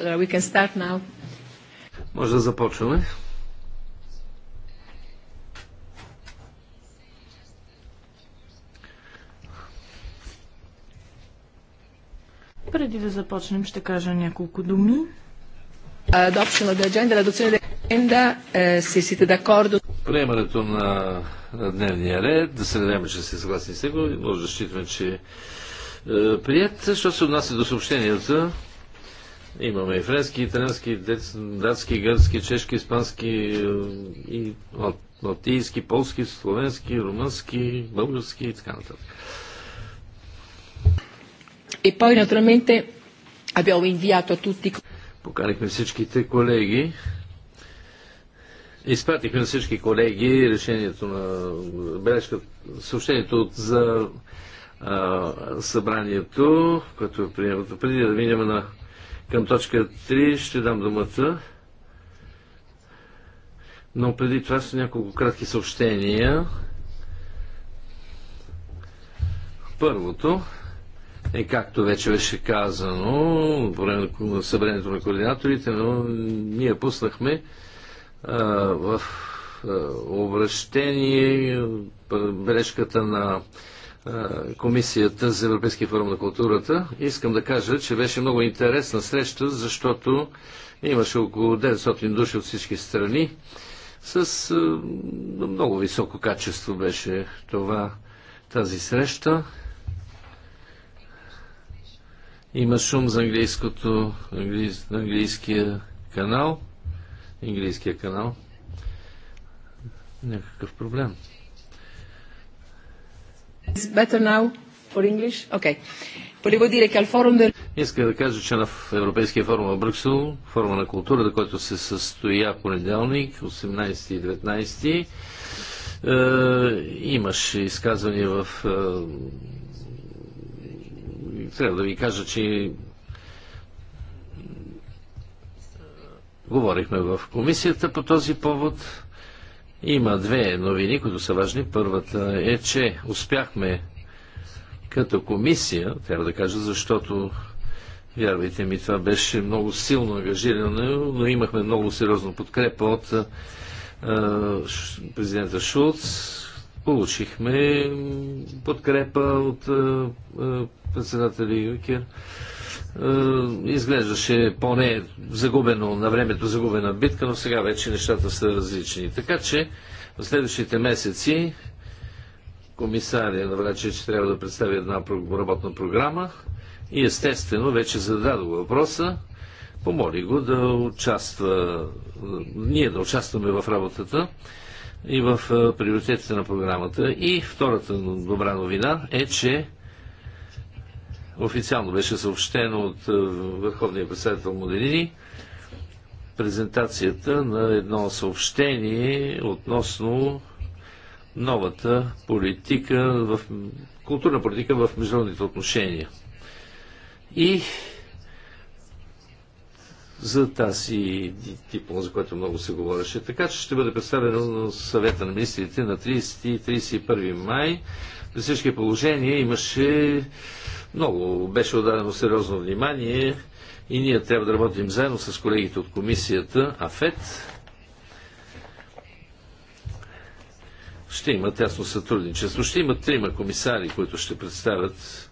Uh, we can start now. Може да започваме. Преди да започнем, ще кажа няколко думи. Е, Приемането на, дневния ред, да се надяваме, че сте съгласни с него, може да считаме, че е, прият. Що се отнася до съобщенията, Имаме и френски, италянски, датски, гръцки, чешки, испански, и латийски, полски, словенски, румънски, български и така нататък. И e poi naturalmente abbiamo inviato a Поканихме всичките колеги. Изпратихме на всички колеги решението на бележка, съобщението за а, събранието, което е приемато. Преди да минем на към точка 3 ще дам думата. Но преди това са няколко кратки съобщения. Първото е, както вече беше казано, по време на събранието на координаторите, но ние пуснахме а, в а, обращение бележката на Комисията за Европейския форум на културата. Искам да кажа, че беше много интересна среща, защото имаше около 900 души от всички страни. С много високо качество беше това, тази среща. Има шум за английското, английс, английския канал. Английския канал. Някакъв проблем. Okay. Иска да кажа, че на Европейския форум в Брюксел, форума на културата, който се състоя понеделник, 18 и 19, е, имаше изказвания в... Е, трябва да ви кажа, че говорихме в комисията по този повод. Има две новини, които са важни. Първата е, че успяхме като комисия, трябва да кажа, защото Вярвайте ми, това беше много силно ангажирано, но имахме много сериозна подкрепа от а, президента Шулц. Получихме подкрепа от председателя Юкер. Е, изглеждаше поне загубено на времето загубена битка, но сега вече нещата са различни. Така че в следващите месеци комисария наврече, че трябва да представи една работна програма и естествено вече зададох въпроса, помоли го да участва, ние да участваме в работата и в е, приоритетите на програмата. И втората добра новина е, че Официално беше съобщено от е, върховния председател Моделини презентацията на едно съобщение относно новата политика в културна политика в международните отношения. И за тази диплома, за която много се говореше. Така че ще бъде представено на съвета на министрите на 30 и 31 май. При всички положения имаше много беше отдадено сериозно внимание и ние трябва да работим заедно с колегите от комисията АФЕТ. Ще има тясно сътрудничество. Ще има трима комисари, които ще представят,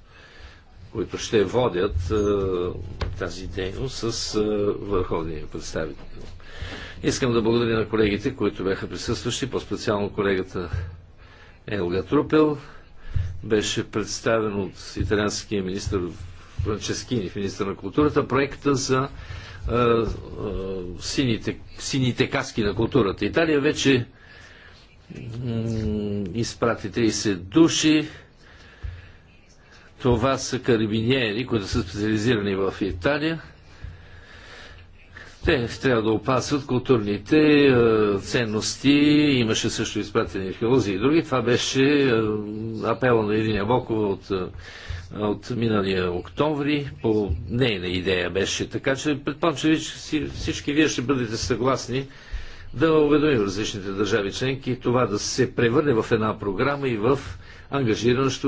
които ще водят е, тази дейност с е, върховния представител. Искам да благодаря на колегите, които бяха присъстващи, по-специално колегата Елга Трупел, беше представен от италианския министр Франческини, министр на културата, проекта за сините, сините каски на културата. Италия вече изпрати 30 души. Това са карабиниери, които са специализирани в Италия. Те трябва да опасват културните е, ценности. Имаше също изпратени археолози и други. Това беше е, апела на Ирина Бокова от, е, от миналия октомври. По нейна идея беше. Така че предполагам, че всички вие ще бъдете съгласни да уведомим различните държави членки това да се превърне в една програма и в ангажираност,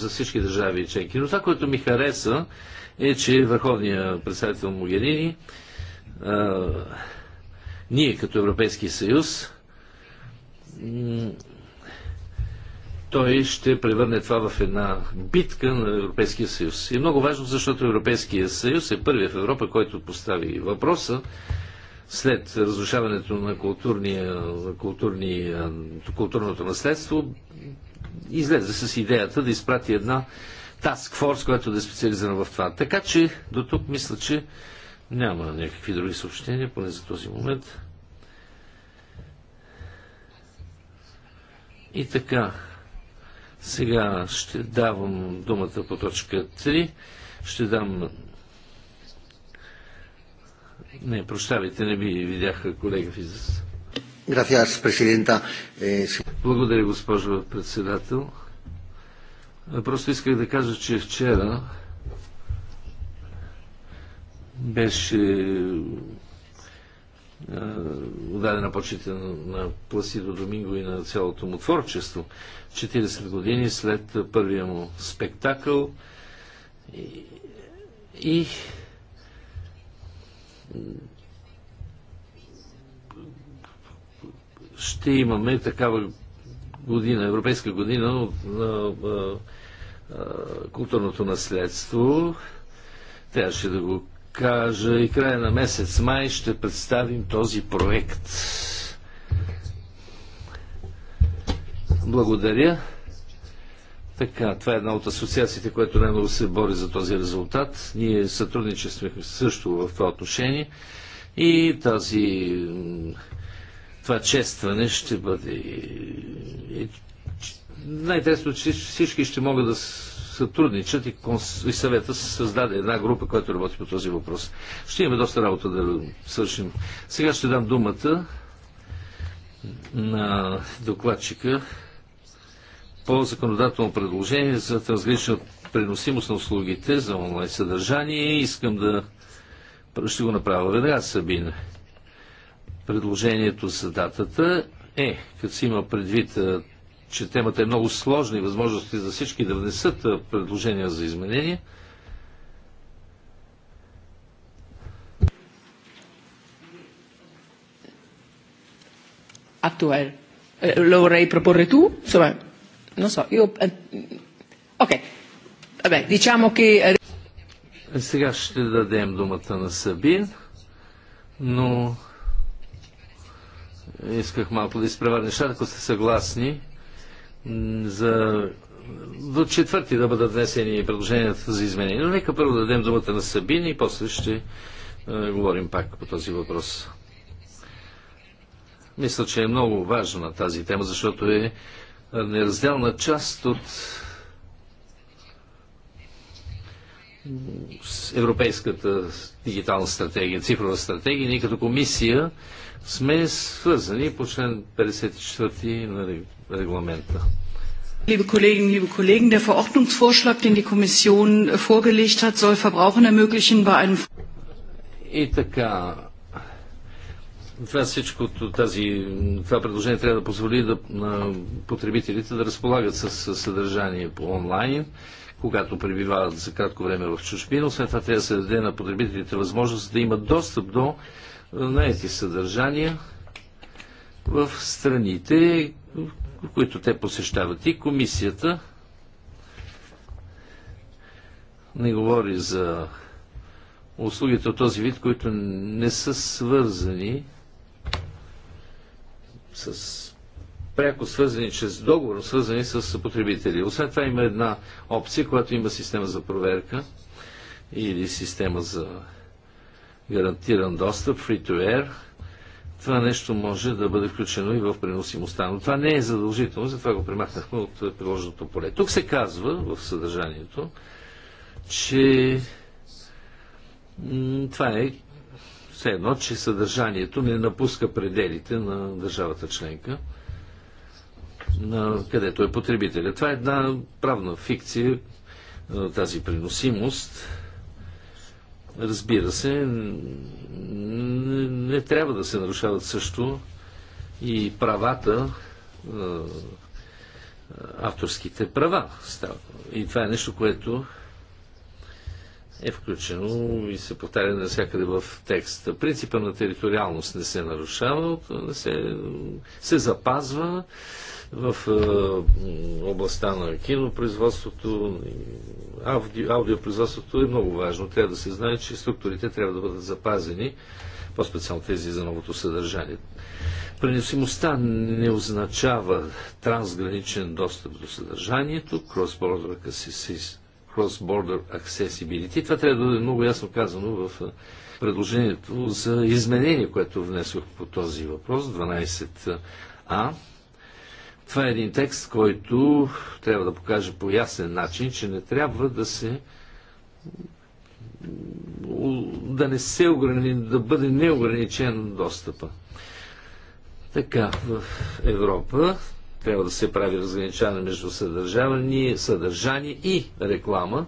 за всички държави членки. Но това, което ми хареса е, че върховният представител Могенини ние като Европейски съюз, той ще превърне това в една битка на Европейския съюз. И е много важно, защото Европейския съюз е първият в Европа, който постави въпроса след разрушаването на, културния, на културното наследство, излезе с идеята да изпрати една таск форс, която да е специализирана в това. Така че до тук мисля, че няма някакви други съобщения, поне за този момент. И така, сега ще давам думата по точка 3. Ще дам... Не, прощавайте, не би видяха колега Физис. Gracias, президента. Благодаря, госпожо председател. Просто исках да кажа, че вчера беше дадена почета на Пласидо Доминго и на цялото му творчество. 40 години след първия му спектакъл и, и ще имаме такава година, Европейска година на културното наследство. Трябваше да го кажа и края на месец май ще представим този проект. Благодаря. Така, това е една от асоциациите, която най-много се бори за този резултат. Ние сътрудничестваме също в това отношение и тази това честване ще бъде най-интересно, че всички ще могат да сътрудничат и, конс... и съвета създаде една група, която работи по този въпрос. Ще имаме доста работа да свършим. Сега ще дам думата на докладчика по законодателно предложение за трансгранична преносимост на услугите за онлайн съдържание. Искам да ще го направя веднага, Сабина. Предложението за датата е, като си има предвид че темата е много сложна и възможности за всички да внесат предложения за изменения. Actual. Eh, Lo vorrei proporre tu? Insomma, non so, io... Eh, ok, vabbè, diciamo che... Eh, Сега ще дадем думата на Сабин, но исках малко да изправя нещата, ако сте съгласни за до четвърти да бъдат внесени предложенията за изменение. Но нека първо дадем думата на Сабини и после ще е, говорим пак по този въпрос. Мисля, че е много важна тази тема, защото е, е неразделна част от Европейската дигитална стратегия, цифрова стратегия. Ние като комисия сме свързани по член 54 на нали, регламента. Liebe Kolleginnen, liebe Kollegen, der Verordnungsvorschlag, den die Kommission äh, vorgelegt hat, soll Verbrauchern ermöglichen, bei einem. И така, това всичкото, тази, това предложение трябва да позволи да, на потребителите да разполагат с съдържание по онлайн, когато пребивават за кратко време в чужбина. Освен това трябва да се даде на потребителите възможност да имат достъп до е, наети съдържания в страните, които те посещават. И комисията не говори за услугите от този вид, които не са свързани с пряко свързани чрез договор, свързани с потребители. Освен това има една опция, която има система за проверка или система за гарантиран достъп, free to air, това нещо може да бъде включено и в преносимостта. Но това не е задължително, затова го премахнахме от приложеното поле. Тук се казва в съдържанието, че това е все едно, че съдържанието не напуска пределите на държавата членка, на където е потребителя. Това е една правна фикция, тази приносимост, Разбира се, не, не трябва да се нарушават също и правата, авторските права. И това е нещо, което е включено и се повтаря навсякъде в текста. Принципа на териториалност не се нарушава, не се, се запазва в областта на кинопроизводството, ауди, аудиопроизводството е много важно. Трябва да се знае, че структурите трябва да бъдат запазени, по-специално тези за новото съдържание. Преносимостта не означава трансграничен достъп до съдържанието, cross-border accessibility. Cross accessibility. Това трябва да бъде много ясно казано в предложението за изменение, което внесох по този въпрос, 12а, това е един текст, който трябва да покаже по ясен начин, че не трябва да се да не се ограни, да бъде неограничен достъпа. Така, в Европа трябва да се прави разграничаване между съдържание, съдържание и реклама.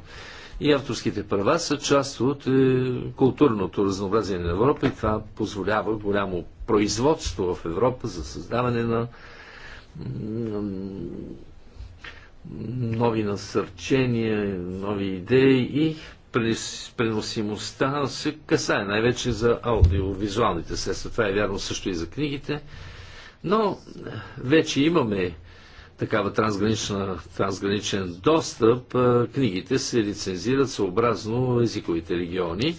И авторските права са част от е, културното разнообразие на Европа и това позволява голямо производство в Европа за създаване на нови насърчения, нови идеи и преносимостта се касае най-вече за аудиовизуалните средства. Това е вярно също и за книгите. Но е, вече имаме такава трансграничен достъп. Е, книгите се лицензират съобразно езиковите региони.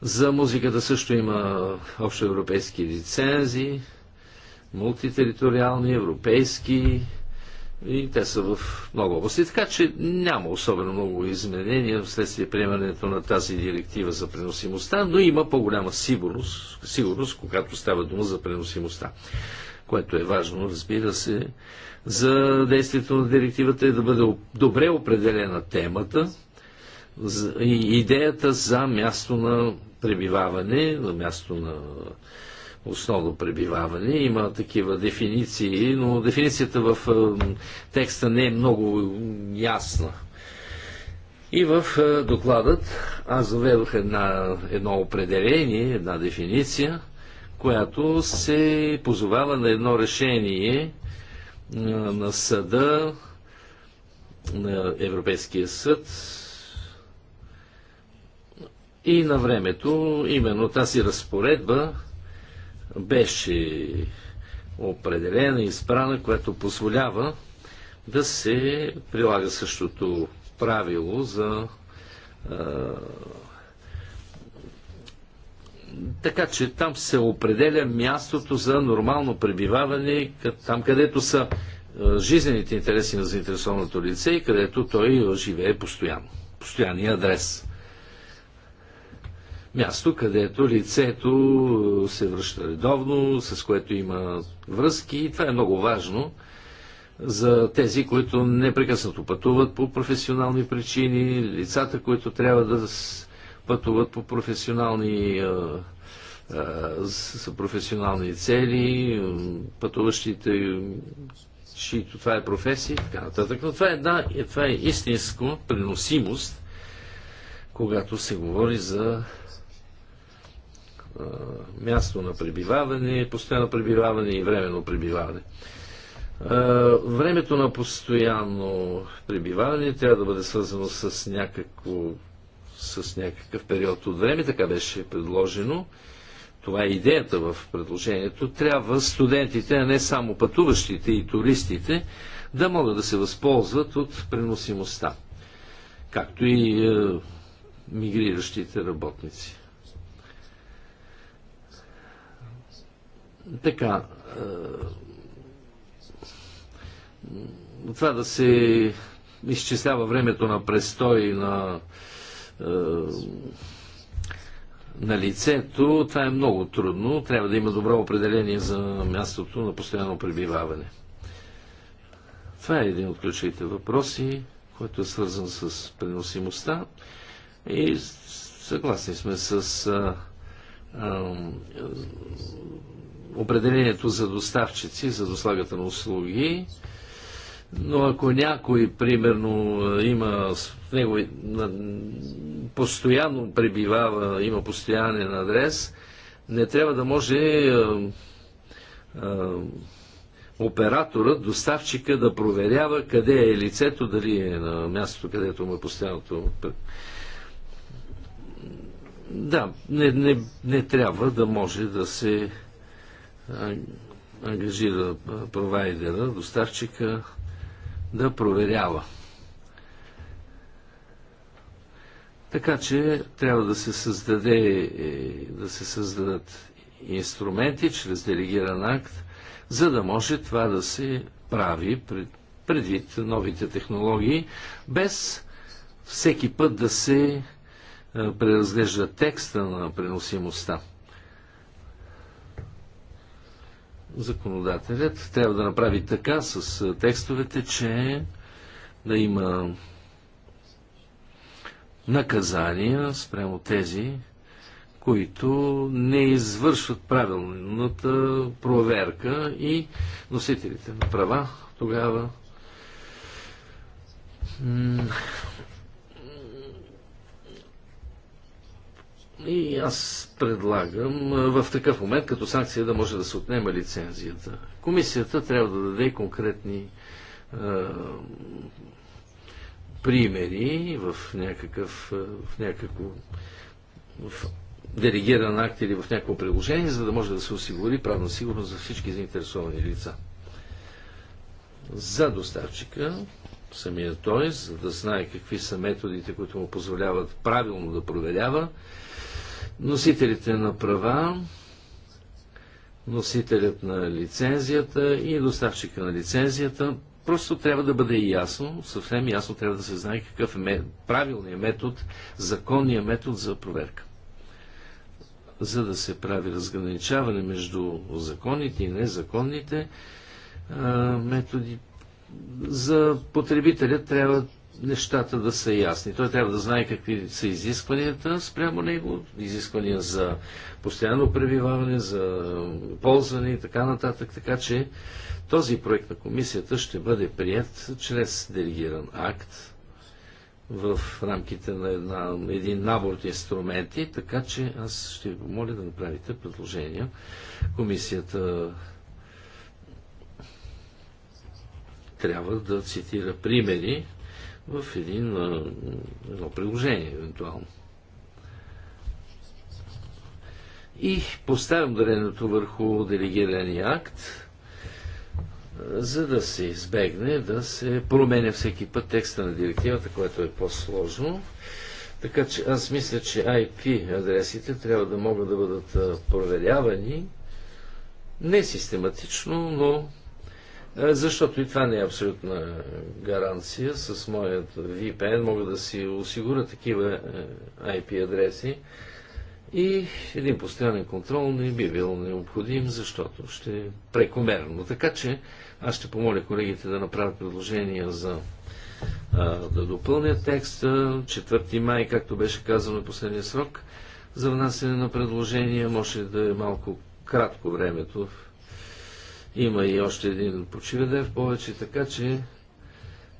За музиката също има общоевропейски лицензии, мултитериториални, европейски и те са в много области. Така че няма особено много изменения вследствие приемането на тази директива за преносимостта, но има по-голяма сигурност, сигурност, когато става дума за преносимостта, което е важно, разбира се, за действието на директивата е да бъде добре определена темата и идеята за място на пребиваване, на място на основно пребиваване. Има такива дефиниции, но дефиницията в е, текста не е много ясна. И в е, докладът аз заведох една, едно определение, една дефиниция, която се позовава на едно решение е, на съда, на Европейския съд и на времето именно тази разпоредба беше определена и избрана, която позволява да се прилага същото правило за така че там се определя мястото за нормално пребиваване, там където са жизнените интереси на заинтересованото лице и където той живее постоянно. Постоянния адрес място, където лицето се връща редовно, с което има връзки и това е много важно за тези, които непрекъснато пътуват по професионални причини, лицата, които трябва да пътуват по професионални са професионални цели, пътуващите, чието това е професия и така нататък. Но това е, да, това е истинско преносимост, когато се говори за място на пребиваване, постоянно пребиваване и временно пребиваване. Времето на постоянно пребиваване трябва да бъде свързано с, някакво, с някакъв период от време, така беше предложено. Това е идеята в предложението. Трябва студентите, а не само пътуващите и туристите, да могат да се възползват от преносимостта, както и е, мигриращите работници. Така, е, това да се изчислява времето на престой на, е, на лицето, това е много трудно. Трябва да има добро определение за мястото на постоянно пребиваване. Това е един от ключовите въпроси, който е свързан с преносимостта. И съгласни сме с определението за доставчици, за дослагата на услуги, но ако някой, примерно, е, има него постоянно пребивава, има постоянен адрес, не трябва да може а, е, а, е, операторът, доставчика да проверява къде е лицето, дали е на мястото, където му е постоянното. Да, не, не, не трябва да може да се ангажира провайдера, доставчика да проверява. Така че трябва да се създаде, е, да се създадат инструменти чрез делегиран акт, за да може това да се прави предвид новите технологии, без всеки път да се е, преразглежда текста на преносимостта. законодателят трябва да направи така с текстовете, че да има наказания спрямо тези, които не извършват правилната проверка и носителите на права тогава И аз предлагам в такъв момент като санкция да може да се отнема лицензията. Комисията трябва да даде конкретни е, примери в, някакъв, в някакво в делегиран акт или в някакво приложение, за да може да се осигури правна сигурност за всички заинтересовани лица. За доставчика, самия той, за да знае какви са методите, които му позволяват правилно да проверява носителите на права, носителят на лицензията и доставчика на лицензията. Просто трябва да бъде ясно, съвсем ясно трябва да се знае какъв е правилният метод, законният метод за проверка. За да се прави разграничаване между законните и незаконните методи, за потребителя трябва нещата да са ясни. Той трябва да знае какви са изискванията спрямо него, изисквания за постоянно пребиваване, за ползване и така нататък. Така че този проект на комисията ще бъде прият чрез делегиран акт в рамките на една, един набор от инструменти, така че аз ще ви помоля да направите предложения. Комисията трябва да цитира примери в един, едно приложение, евентуално. И поставям дареното върху делегирания акт, за да се избегне да се променя всеки път текста на директивата, което е по-сложно. Така че аз мисля, че IP адресите трябва да могат да бъдат проверявани не систематично, но е, защото и това не е абсолютна гаранция. С моят VPN мога да си осигуря такива е, IP адреси и един постоянен контрол не би бил необходим, защото ще е прекомерно. Така че аз ще помоля колегите да направят предложения за а, да допълнят текста. 4 май, както беше казано в е последния срок за внасяне на предложения, може да е малко кратко времето в има и още един почивен ден в повече, така че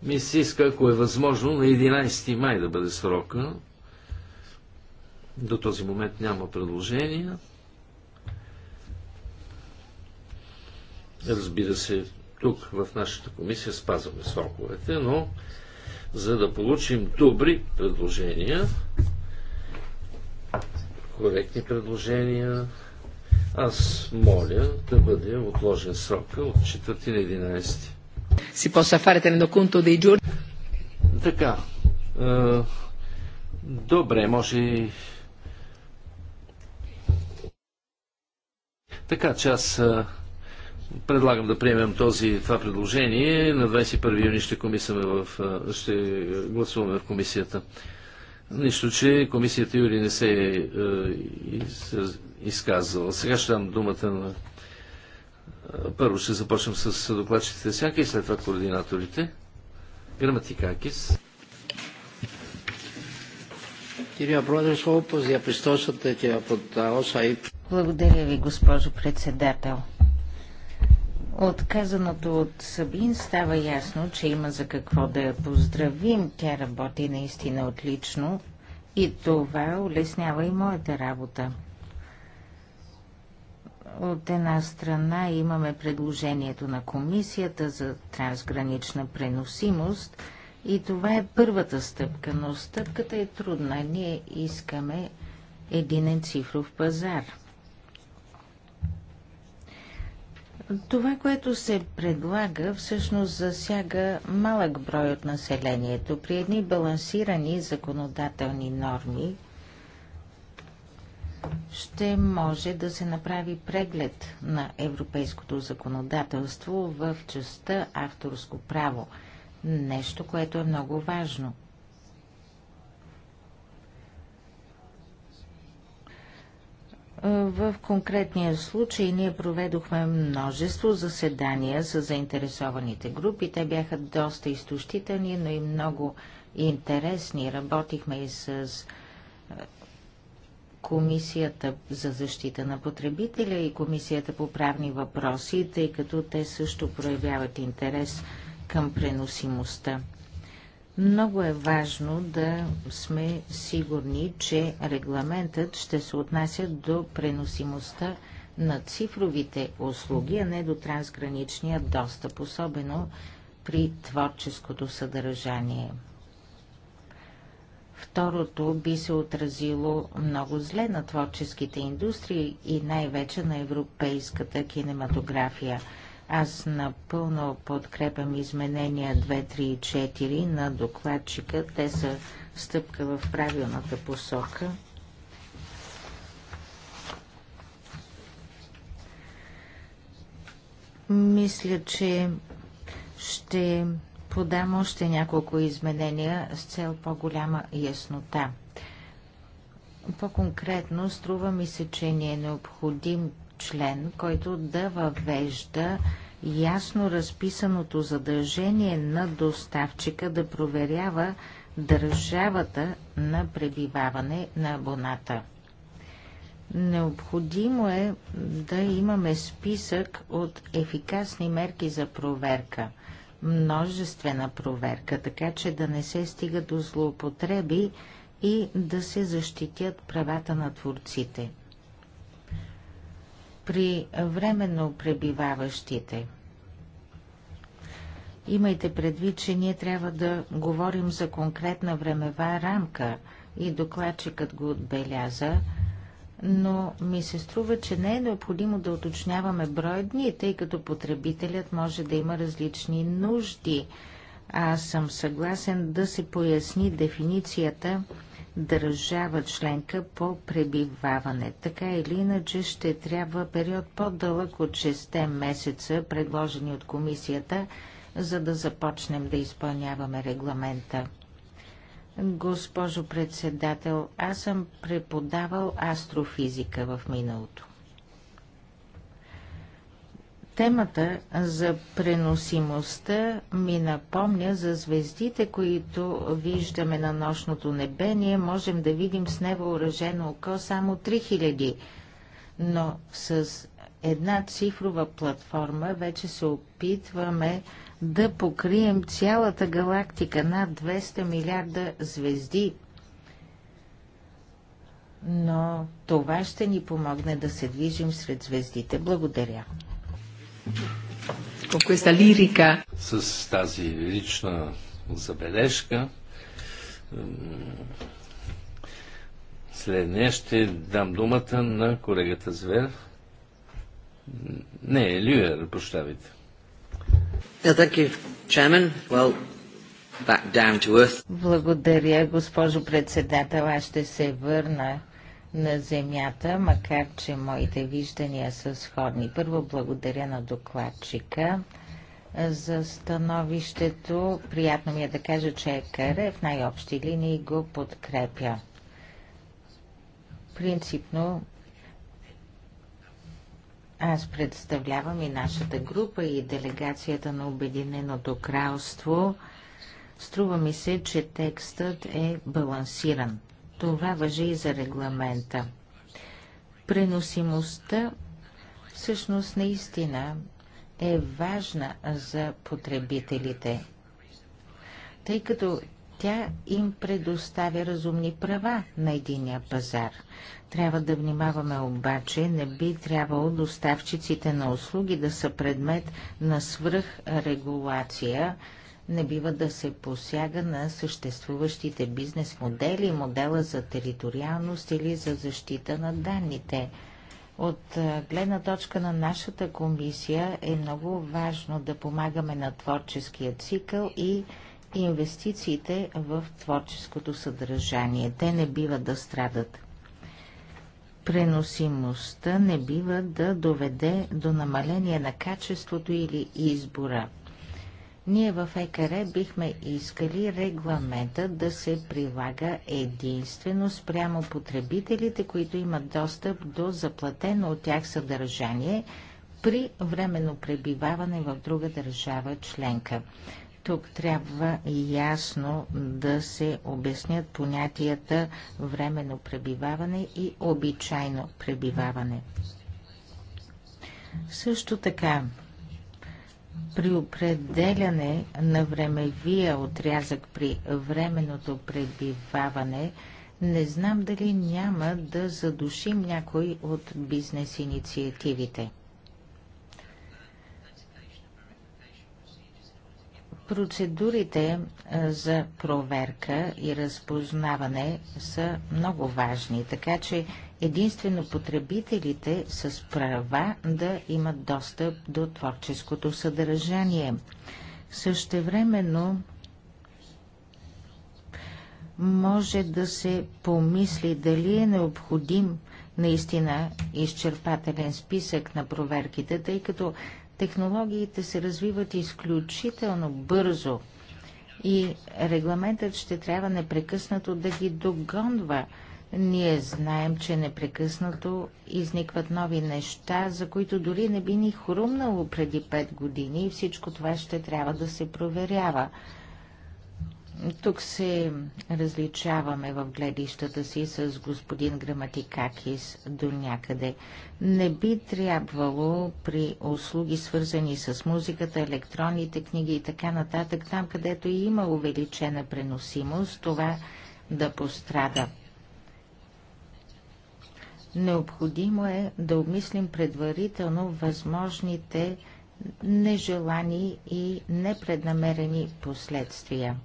ми се иска, ако е възможно, на 11 май да бъде срока. До този момент няма предложения. Разбира се, тук в нашата комисия спазваме сроковете, но за да получим добри предложения, коректни предложения, аз моля да бъде отложен срока от 4 на 11. Си поса Така. Е, добре, може и. Така че аз е, предлагам да приемем този, това предложение. На 21 юни ще, в, ще гласуваме в комисията. Нищо, че комисията Юри не се е, е из, изказала. Сега ще дам думата на... Е, първо ще започнем с докладчите сяка и след това координаторите. Граматикакис. Благодаря ви, госпожо председател. Отказаното от Сабин става ясно, че има за какво да я поздравим. Тя работи наистина отлично и това улеснява и моята работа. От една страна имаме предложението на комисията за трансгранична преносимост и това е първата стъпка, но стъпката е трудна. Ние искаме единен цифров пазар – Това, което се предлага, всъщност засяга малък брой от населението. При едни балансирани законодателни норми ще може да се направи преглед на европейското законодателство в частта авторско право. Нещо, което е много важно – В конкретния случай ние проведохме множество заседания с заинтересованите групи. Те бяха доста изтощителни, но и много интересни. Работихме и с Комисията за защита на потребителя и Комисията по правни въпроси, тъй като те също проявяват интерес към преносимостта. Много е важно да сме сигурни, че регламентът ще се отнася до преносимостта на цифровите услуги, а не до трансграничния достъп, особено при творческото съдържание. Второто би се отразило много зле на творческите индустрии и най-вече на европейската кинематография – аз напълно подкрепям изменения 2, 3 и 4 на докладчика. Те са стъпка в правилната посока. Мисля, че ще подам още няколко изменения с цел по-голяма яснота. По-конкретно, струва ми се, че ни е необходим член, който да въвежда ясно разписаното задължение на доставчика да проверява държавата на пребиваване на абоната. Необходимо е да имаме списък от ефикасни мерки за проверка, множествена проверка, така че да не се стига до злоупотреби и да се защитят правата на творците при временно пребиваващите. Имайте предвид, че ние трябва да говорим за конкретна времева рамка и докладчикът го отбеляза, но ми се струва, че не е необходимо да уточняваме брой дни, тъй като потребителят може да има различни нужди. Аз съм съгласен да се поясни дефиницията държава членка по пребиваване. Така или иначе ще трябва период по-дълъг от 6 месеца, предложени от комисията, за да започнем да изпълняваме регламента. Госпожо председател, аз съм преподавал астрофизика в миналото. Темата за преносимостта ми напомня за звездите, които виждаме на нощното небе. Ние можем да видим с невъоръжено око само 3000, но с една цифрова платформа вече се опитваме да покрием цялата галактика над 200 милиарда звезди. Но това ще ни помогне да се движим сред звездите. Благодаря. С тази лична забележка след нея ще дам думата на колегата Звер. Не, Люер, прощавайте. Благодаря, госпожо председател. Аз ще се върна на земята, макар че моите виждания са сходни. Първо благодаря на докладчика за становището. Приятно ми е да кажа, че е каре в най-общи линии го подкрепя. Принципно аз представлявам и нашата група и делегацията на Обединеното кралство. Струва ми се, че текстът е балансиран. Това въжи и за регламента. Преносимостта всъщност наистина е важна за потребителите, тъй като тя им предоставя разумни права на единия пазар. Трябва да внимаваме обаче, не би трябвало доставчиците на услуги да са предмет на свръхрегулация, не бива да се посяга на съществуващите бизнес модели, модела за териториалност или за защита на данните. От гледна точка на нашата комисия е много важно да помагаме на творческия цикъл и инвестициите в творческото съдържание. Те не бива да страдат. Преносимостта не бива да доведе до намаление на качеството или избора. Ние в ЕКР бихме искали регламента да се прилага единствено спрямо потребителите, които имат достъп до заплатено от тях съдържание при временно пребиваване в друга държава членка. Тук трябва ясно да се обяснят понятията временно пребиваване и обичайно пребиваване. Също така, при определяне на времевия отрязък при временното пребиваване, не знам дали няма да задушим някой от бизнес инициативите. Процедурите за проверка и разпознаване са много важни, така че единствено потребителите с права да имат достъп до творческото съдържание. Същевременно може да се помисли дали е необходим наистина изчерпателен списък на проверките, тъй като технологиите се развиват изключително бързо и регламентът ще трябва непрекъснато да ги догонва – ние знаем, че непрекъснато изникват нови неща, за които дори не би ни хрумнало преди пет години и всичко това ще трябва да се проверява. Тук се различаваме в гледищата си с господин Граматикакис до някъде. Не би трябвало при услуги свързани с музиката, електронните книги и така нататък, там където има увеличена преносимост, това да пострада. Необходимо е да обмислим предварително възможните нежелани и непреднамерени последствия.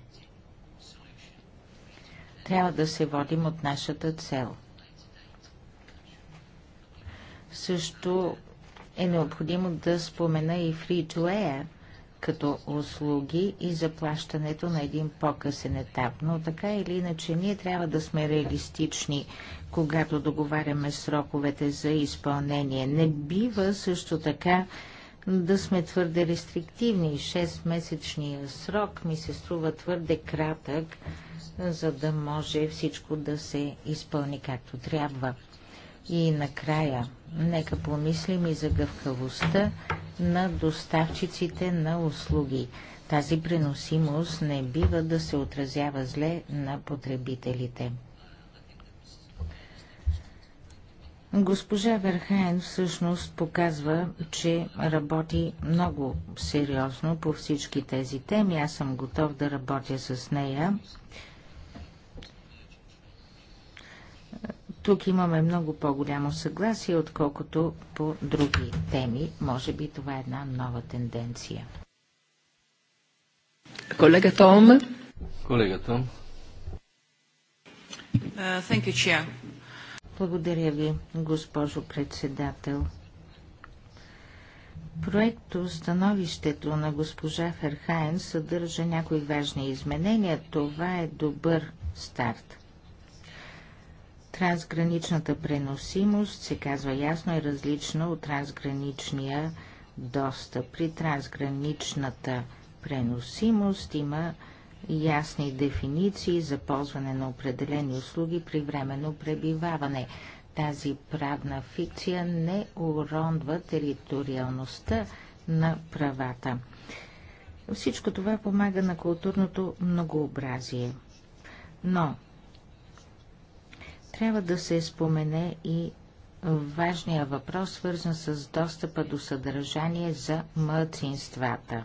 Трябва да се водим от нашата цел. Също е необходимо да спомена и Фриджуея, като услуги и заплащането на един по-късен етап. Но така или иначе ние трябва да сме реалистични, когато договаряме сроковете за изпълнение. Не бива също така да сме твърде рестриктивни. 6-месечния срок ми се струва твърде кратък, за да може всичко да се изпълни както трябва. И накрая, нека помислим и за гъвкавостта на доставчиците на услуги. Тази преносимост не бива да се отразява зле на потребителите. Госпожа Верхайн всъщност показва, че работи много сериозно по всички тези теми. Аз съм готов да работя с нея. Тук имаме много по-голямо съгласие, отколкото по други теми. Може би това е една нова тенденция. Колега Том. Колега Том. Uh, Благодаря ви, госпожо председател. Проекто становището на госпожа Ферхайн съдържа някои важни изменения. Това е добър старт. Трансграничната преносимост, се казва ясно, е различна от трансграничния достъп. При трансграничната преносимост има ясни дефиниции за ползване на определени услуги при временно пребиваване. Тази правна фикция не уронва териториалността на правата. Всичко това помага на културното многообразие. Но трябва да се спомене и важния въпрос, свързан с достъпа до съдържание за мълцинствата.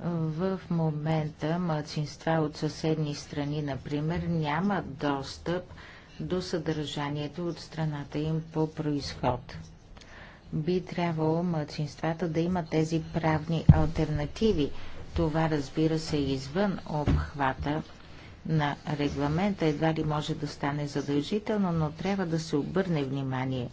В момента мълцинства от съседни страни, например, нямат достъп до съдържанието от страната им по происход. Би трябвало мълцинствата да имат тези правни альтернативи. Това, разбира се, е извън обхвата на регламента едва ли може да стане задължително, но трябва да се обърне внимание.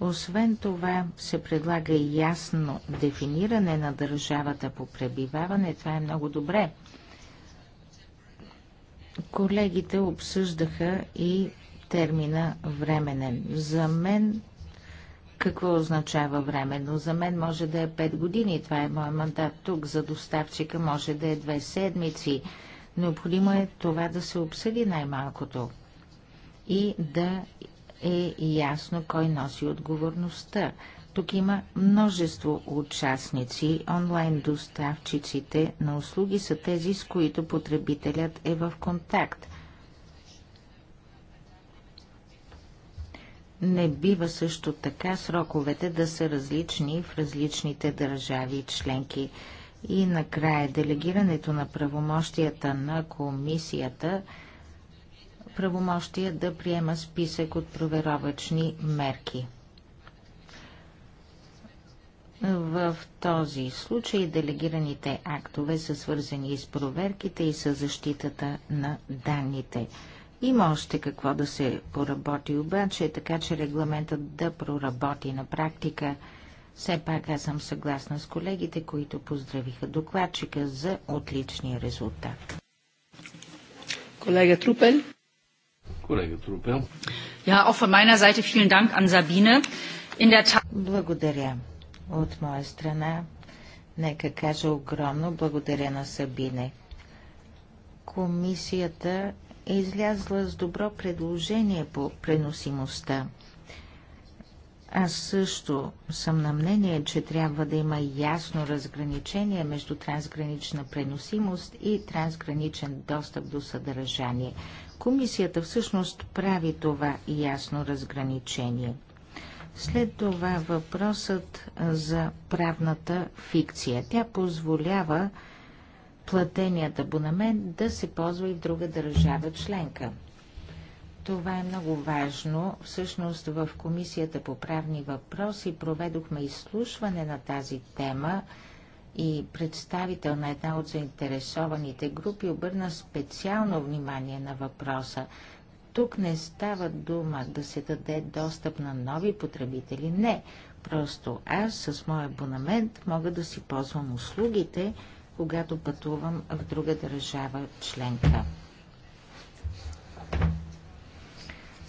Освен това се предлага и ясно дефиниране на държавата по пребиваване. Това е много добре. Колегите обсъждаха и термина временен. За мен какво означава временно? За мен може да е 5 години, това е моят мандат тук, за доставчика може да е 2 седмици, Необходимо е това да се обсъди най-малкото и да е ясно кой носи отговорността. Тук има множество участници. Онлайн доставчиците на услуги са тези, с които потребителят е в контакт. Не бива също така сроковете да са различни в различните държави и членки. И накрая делегирането на правомощията на комисията правомощия да приема списък от проверовачни мерки. В този случай делегираните актове са свързани с проверките и с защитата на данните. Има още какво да се поработи обаче, така че регламентът да проработи на практика – все пак аз съм съгласна с колегите, които поздравиха докладчика за отличния резултат. Колега Трупен. Колега Трупел. Ja, auch von meiner Seite vielen Dank an Sabine. In der Ta Благодаря. От моя страна, нека кажа огромно благодаря на Сабине. Комисията е излязла с добро предложение по преносимостта. Аз също съм на мнение, че трябва да има ясно разграничение между трансгранична преносимост и трансграничен достъп до съдържание. Комисията всъщност прави това ясно разграничение. След това въпросът за правната фикция. Тя позволява платеният абонамент да се ползва и в друга държава членка. Това е много важно. Всъщност в Комисията по правни въпроси проведохме изслушване на тази тема и представител на една от заинтересованите групи обърна специално внимание на въпроса. Тук не става дума да се даде достъп на нови потребители. Не, просто аз с моя абонамент мога да си ползвам услугите, когато пътувам в друга държава членка.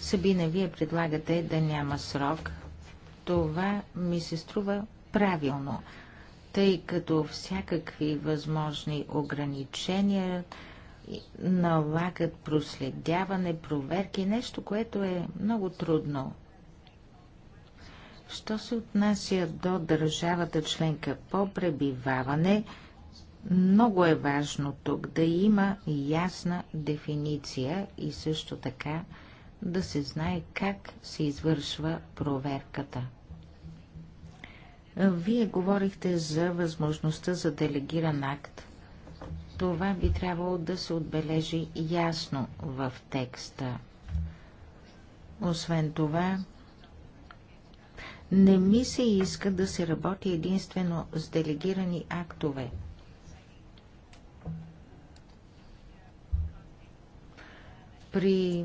Сабина, вие предлагате да няма срок. Това ми се струва правилно, тъй като всякакви възможни ограничения налагат проследяване, проверки, нещо, което е много трудно. Що се отнася до държавата членка по пребиваване, много е важно тук да има ясна дефиниция и също така да се знае как се извършва проверката. Вие говорихте за възможността за делегиран акт. Това би трябвало да се отбележи ясно в текста. Освен това, не ми се иска да се работи единствено с делегирани актове. При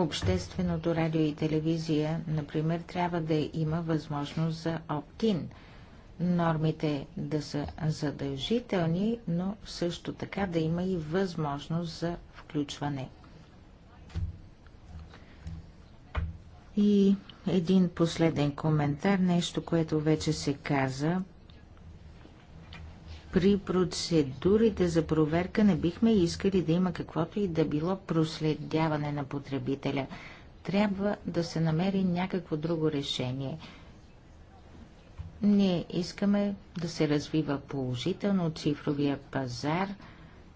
общественото радио и телевизия, например, трябва да има възможност за оптин. Нормите да са задължителни, но също така да има и възможност за включване. И един последен коментар, нещо, което вече се каза при процедурите за проверка не бихме искали да има каквото и да било проследяване на потребителя. Трябва да се намери някакво друго решение. Ние искаме да се развива положително цифровия пазар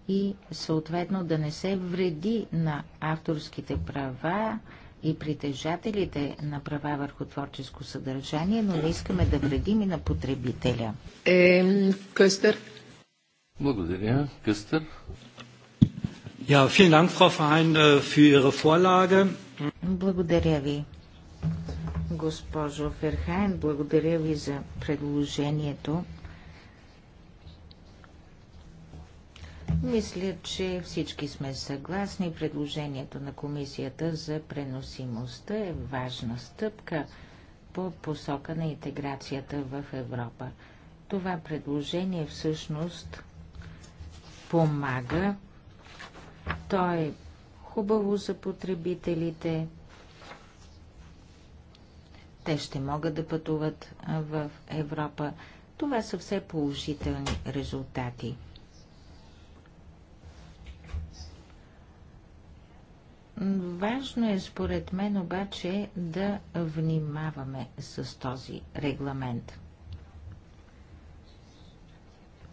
и съответно да не се вреди на авторските права, и притежателите на права върху творческо съдържание, но не искаме да вредим и на потребителя. Е, Къстър. Благодаря. Къстър. Ja, vielen Dank, Frau Verheyen, äh, für Ihre Vorlage. Благодаря ви, госпожо Ферхайн. Благодаря ви за предложението. Мисля, че всички сме съгласни. Предложението на комисията за преносимостта е важна стъпка по посока на интеграцията в Европа. Това предложение всъщност помага. То е хубаво за потребителите. Те ще могат да пътуват в Европа. Това са все положителни резултати. Важно е според мен обаче да внимаваме с този регламент.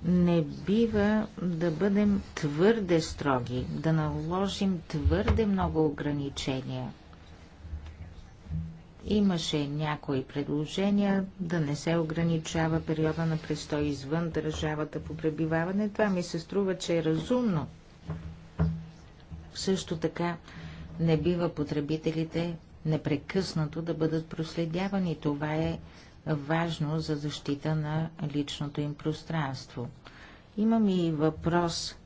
Не бива да бъдем твърде строги, да наложим твърде много ограничения. Имаше някои предложения да не се ограничава периода на престой извън държавата по пребиваване. Това ми се струва, че е разумно. Също така не бива потребителите непрекъснато да бъдат проследявани. Това е важно за защита на личното им пространство. Имам и въпрос.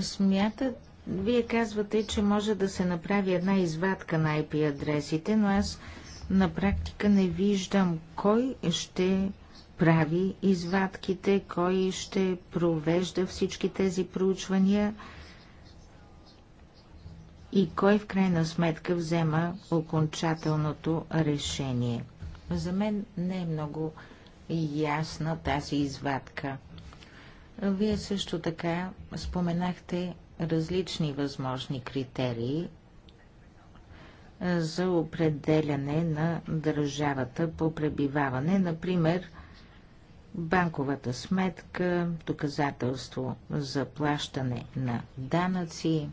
Смятат, вие казвате, че може да се направи една извадка на IP адресите, но аз на практика не виждам кой ще прави извадките, кой ще провежда всички тези проучвания и кой в крайна сметка взема окончателното решение. За мен не е много ясна тази извадка. Вие също така споменахте различни възможни критерии за определяне на държавата по пребиваване, например – банковата сметка, доказателство за плащане на данъци,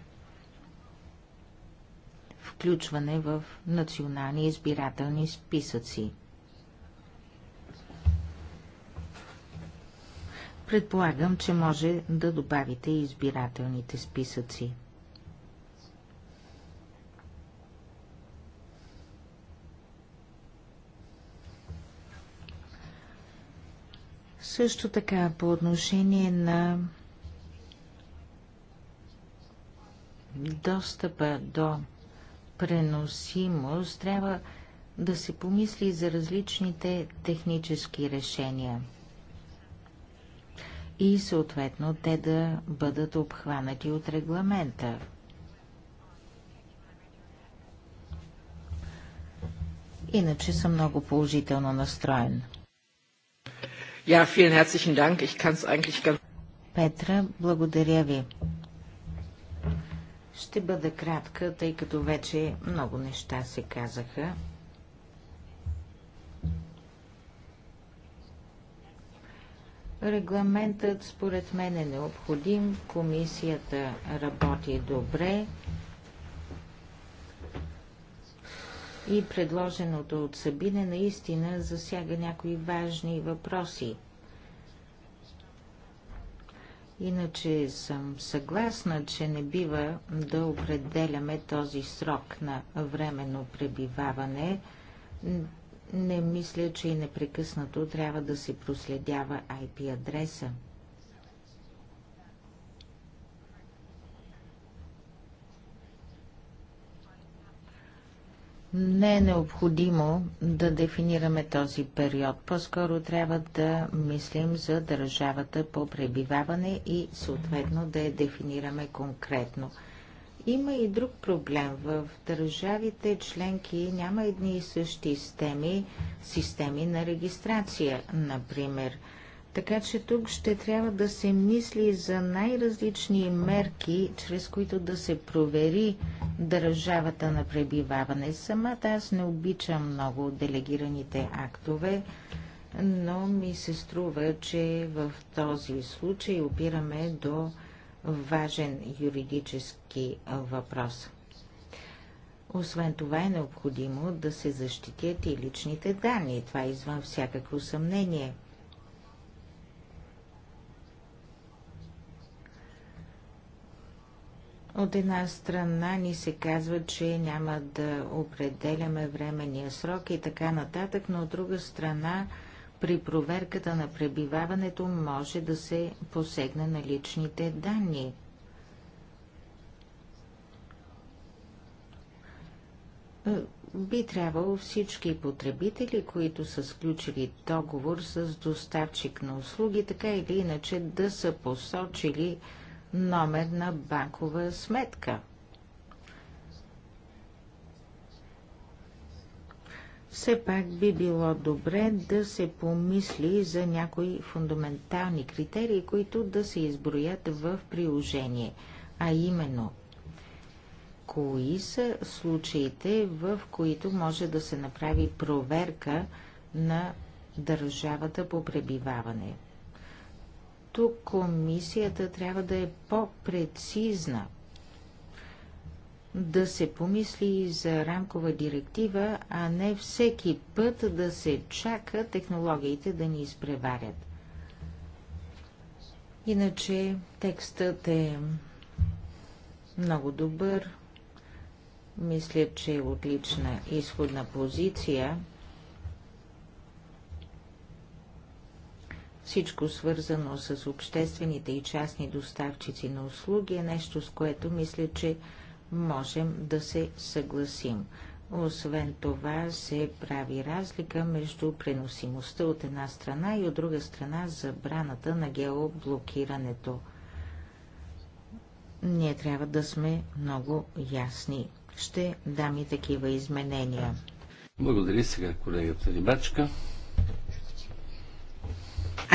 включване в национални избирателни списъци. Предполагам, че може да добавите избирателните списъци. Също така по отношение на достъпа до преносимост трябва да се помисли за различните технически решения и съответно те да бъдат обхванати от регламента. Иначе съм много положително настроен. Ja, vielen herzlichen Dank. Ich kann es eigentlich ganz... Petra, благодаря ви. Ще бъда кратка, тъй като вече много неща се казаха. Регламентът според мен е необходим, комисията работи добре, и предложеното от Сабина наистина засяга някои важни въпроси. Иначе съм съгласна, че не бива да определяме този срок на временно пребиваване. Не мисля, че и непрекъснато трябва да се проследява IP адреса. Не е необходимо да дефинираме този период. По-скоро трябва да мислим за държавата по пребиваване и съответно да я дефинираме конкретно. Има и друг проблем. В държавите членки няма едни и същи системи, системи на регистрация, например – така че тук ще трябва да се мисли за най-различни мерки, чрез които да се провери държавата на пребиваване. Самата аз не обичам много делегираните актове, но ми се струва, че в този случай опираме до важен юридически въпрос. Освен това е необходимо да се защитят и личните данни. Това е извън всякакво съмнение – От една страна ни се казва, че няма да определяме временния срок и така нататък, но от друга страна при проверката на пребиваването може да се посегне на личните данни. Е, би трябвало всички потребители, които са сключили договор с доставчик на услуги, така или иначе да са посочили номер на банкова сметка. Все пак би било добре да се помисли за някои фундаментални критерии, които да се изброят в приложение, а именно кои са случаите, в които може да се направи проверка на държавата по пребиваване. Тук комисията трябва да е по-прецизна, да се помисли и за рамкова директива, а не всеки път да се чака технологиите да ни изпреварят. Иначе текстът е много добър. Мисля, че е отлична изходна позиция. Всичко свързано с обществените и частни доставчици на услуги е нещо, с което мисля, че можем да се съгласим. Освен това се прави разлика между преносимостта от една страна и от друга страна забраната на геоблокирането. Ние трябва да сме много ясни. Ще дам и такива изменения. Благодаря сега колегата Рибачка.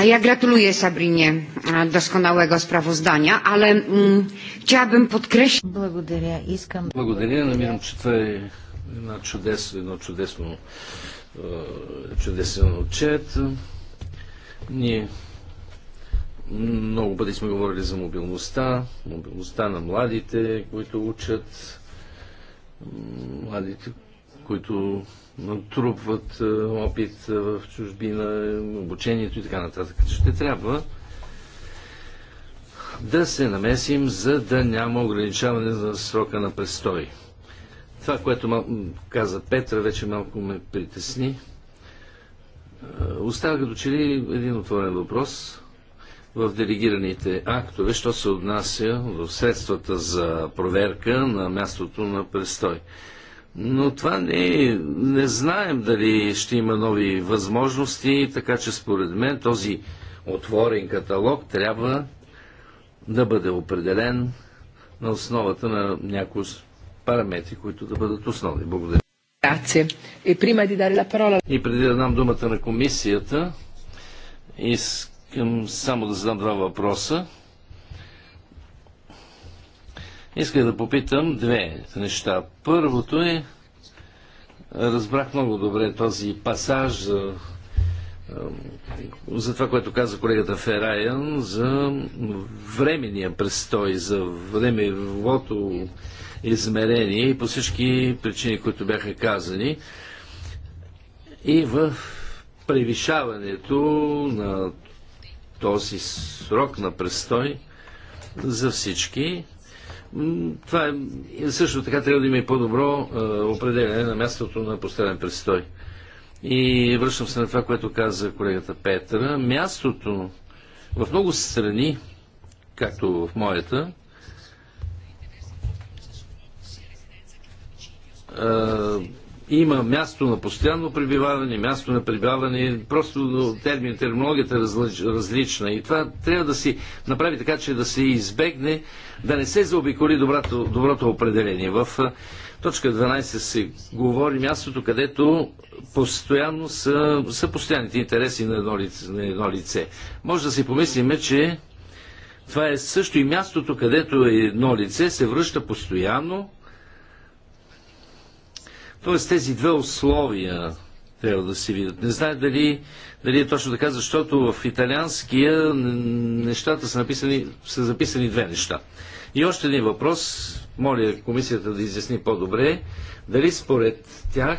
Ja gratuluję Sabrinie e, doskonałego sprawozdania, ale mm, chciałabym podkreślić... Благодаря, искам... Благодаря, намирам, че това е една чудес, едно чудесно, е, чудесен отчет. Ние много пъти сме говорили за мобилността, мобилността на младите, които учат, младите, които натрупват е, опит е, в чужбина, обучението и така нататък. Ще трябва да се намесим, за да няма ограничаване на срока на престой. Това, което каза Петра, вече малко ме притесни. Е, Остава като че ли един отворен въпрос в делегираните актове, що се отнася в средствата за проверка на мястото на престой. Но това не, не знаем дали ще има нови възможности, така че според мен този отворен каталог трябва да бъде определен на основата на някои параметри, които да бъдат основни. Благодаря. E И преди да дам думата на комисията, искам само да задам два въпроса. Исках да попитам две неща. Първото е, разбрах много добре този пасаж за, за това, което каза колегата Ферайан, за временния престой, за времевото измерение и по всички причини, които бяха казани. И в превишаването на този срок на престой за всички това е, е, също така трябва да има и по-добро е, определяне на мястото на постоянен престой. И връщам се на това, което каза колегата Петра. Мястото в много страни, както в моята, е, има място на постоянно пребиваване, място на пребиваване, просто термин, терминологията е различна. И това трябва да си направи така, че да се избегне да не се заобиколи доброто, доброто определение. В точка 12 се говори мястото, където постоянно са, са постоянните интереси на едно, лице, на едно лице. Може да си помислиме, че това е също и мястото, където едно лице се връща постоянно. Тоест тези две условия трябва да се видят. Не знае дали, дали е точно така, защото в италианския нещата са, написани, са записани две неща. И още един въпрос, моля комисията да изясни по-добре, дали според тях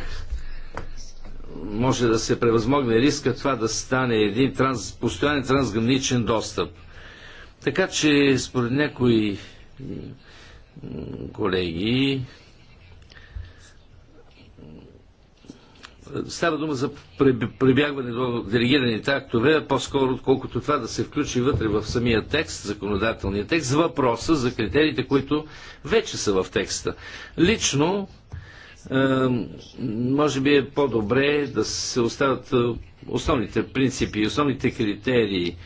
може да се превъзмогне риска това да стане един транс, постоянен трансграничен достъп. Така че според някои колеги става дума за прибягване до делегираните актове, по-скоро отколкото това да се включи вътре в самия текст, законодателния текст, въпроса за критериите, които вече са в текста. Лично, може би е по-добре да се оставят основните принципи, основните критерии.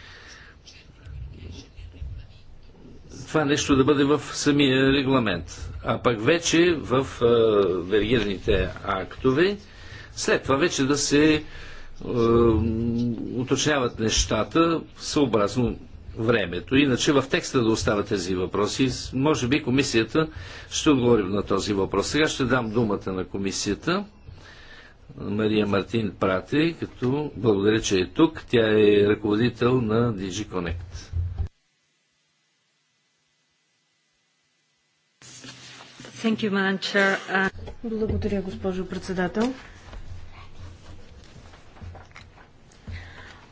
Това нещо да бъде в самия регламент. А пък вече в делегираните актове след това вече да се е, уточняват нещата съобразно времето. Иначе в текста да остават тези въпроси. Може би комисията ще отговори на този въпрос. Сега ще дам думата на комисията. Мария Мартин Прати, като благодаря, че е тук. Тя е ръководител на DigiConnect. Uh, благодаря, госпожо председател.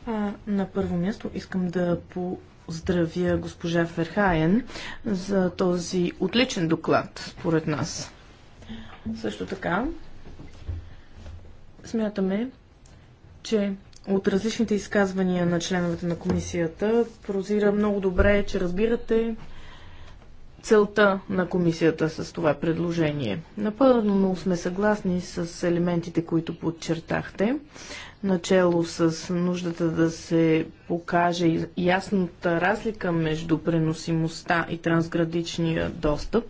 А, на първо място искам да поздравя госпожа Ферхаен за този отличен доклад, според нас. Също така, смятаме, че от различните изказвания на членовете на комисията прозира много добре, че разбирате целта на комисията с това предложение. Напълно сме съгласни с елементите, които подчертахте начало с нуждата да се покаже ясната разлика между преносимостта и трансградичния достъп.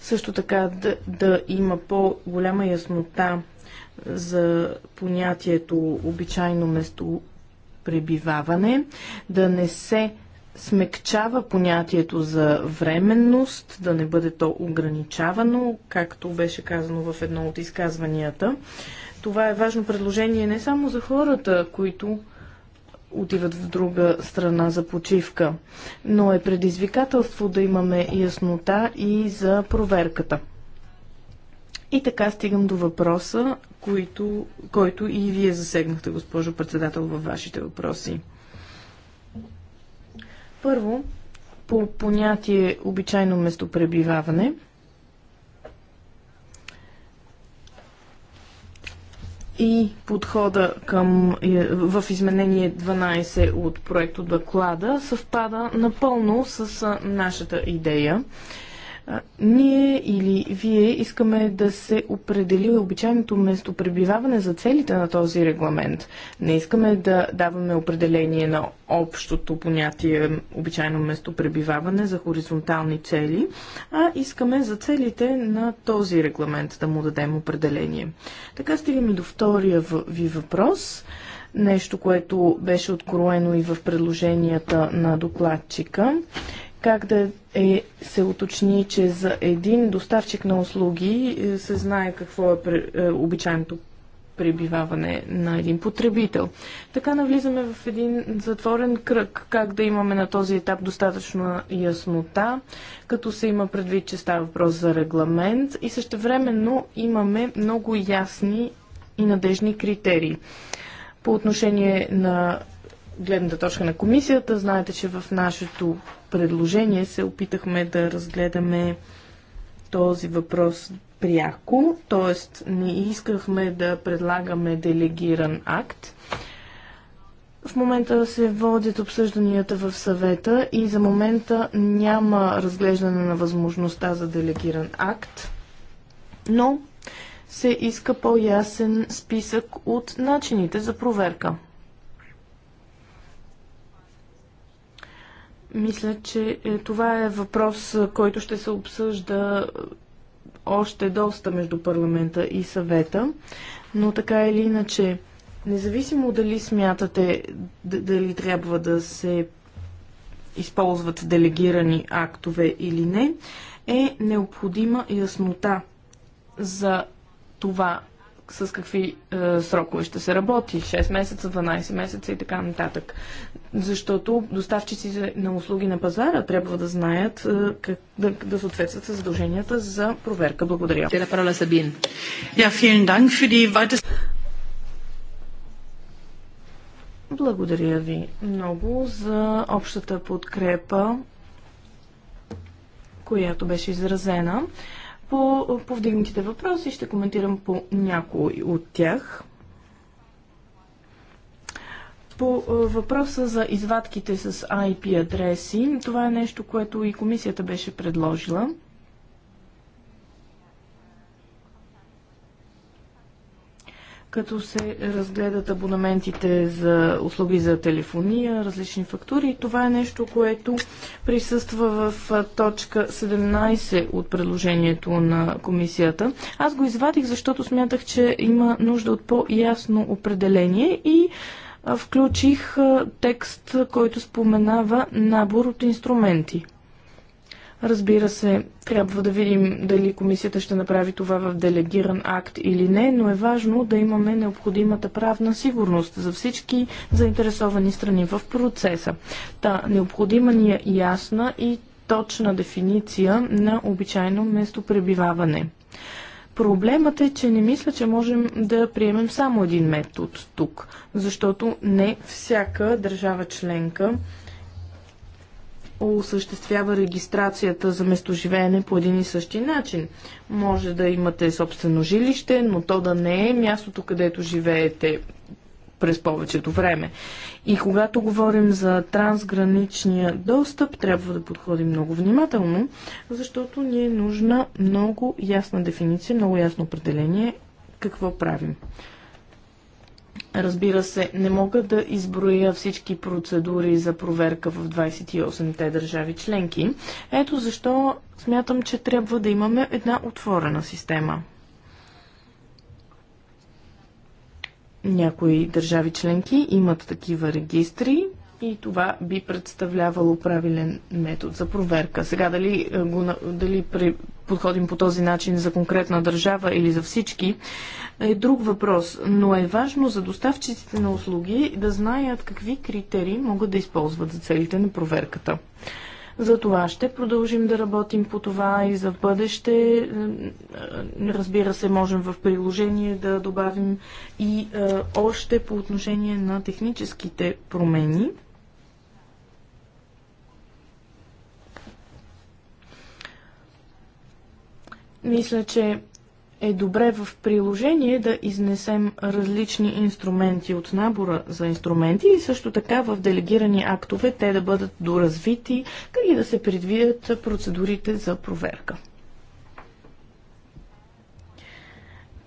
Също така да, да има по-голяма яснота за понятието обичайно место пребиваване, да не се смекчава понятието за временност, да не бъде то ограничавано, както беше казано в едно от изказванията. Това е важно предложение не само за хората, които отиват в друга страна за почивка, но е предизвикателство да имаме яснота и за проверката. И така стигам до въпроса, който, който и вие засегнахте, госпожо председател, във вашите въпроси. Първо, по понятие обичайно местопребиваване – и подхода към, е, в изменение 12 от проекто доклада съвпада напълно с нашата идея ние или вие искаме да се определи обичайното местопребиваване за целите на този регламент. Не искаме да даваме определение на общото понятие обичайно местопребиваване за хоризонтални цели, а искаме за целите на този регламент да му дадем определение. Така стигаме до втория ви въпрос нещо, което беше откроено и в предложенията на докладчика как да е, се уточни, че за един доставчик на услуги е, се знае какво е, е обичайното пребиваване на един потребител. Така навлизаме в един затворен кръг, как да имаме на този етап достатъчно яснота, като се има предвид, че става въпрос за регламент и същевременно имаме много ясни и надежни критерии. По отношение на гледната точка на комисията, знаете, че в нашето предложение се опитахме да разгледаме този въпрос пряко, т.е. не искахме да предлагаме делегиран акт. В момента се водят обсъжданията в съвета и за момента няма разглеждане на възможността за делегиран акт, но се иска по-ясен списък от начините за проверка. Мисля, че е, това е въпрос, който ще се обсъжда е, още доста между парламента и съвета, но така или иначе, независимо дали смятате дали трябва да се използват делегирани актове или не, е необходима яснота за това с какви е, срокове ще се работи 6 месеца, 12 месеца и така нататък. Защото доставчиците на услуги на пазара трябва да знаят е, как да, да съответстват с задълженията за проверка. Благодаря. Е Благодаря ви много за общата подкрепа, която беше изразена по повдигнатите въпроси. Ще коментирам по някои от тях. По е, въпроса за извадките с IP адреси, това е нещо, което и комисията беше предложила. като се разгледат абонаментите за услуги за телефония, различни фактури. Това е нещо, което присъства в точка 17 от предложението на комисията. Аз го извадих, защото смятах, че има нужда от по-ясно определение и включих текст, който споменава набор от инструменти. Разбира се, трябва да видим дали комисията ще направи това в делегиран акт или не, но е важно да имаме необходимата правна сигурност за всички заинтересовани страни в процеса. Та необходима ни е ясна и точна дефиниция на обичайно местопребиваване. Проблемът е, че не мисля, че можем да приемем само един метод тук, защото не всяка държава членка осъществява регистрацията за местоживеене по един и същи начин. Може да имате собствено жилище, но то да не е мястото, където живеете през повечето време. И когато говорим за трансграничния достъп, трябва да подходим много внимателно, защото ни е нужна много ясна дефиниция, много ясно определение какво правим. Разбира се, не мога да изброя всички процедури за проверка в 28-те държави членки. Ето защо смятам, че трябва да имаме една отворена система. Някои държави членки имат такива регистри, и това би представлявало правилен метод за проверка. Сега дали, е, го, дали при, подходим по този начин за конкретна държава или за всички е друг въпрос, но е важно за доставчиците на услуги да знаят какви критерии могат да използват за целите на проверката. За това ще продължим да работим по това и за бъдеще. Е, е, разбира се, можем в приложение да добавим и още по отношение на техническите промени. Мисля, че е добре в приложение да изнесем различни инструменти от набора за инструменти и също така в делегирани актове те да бъдат доразвити и да се предвидят процедурите за проверка.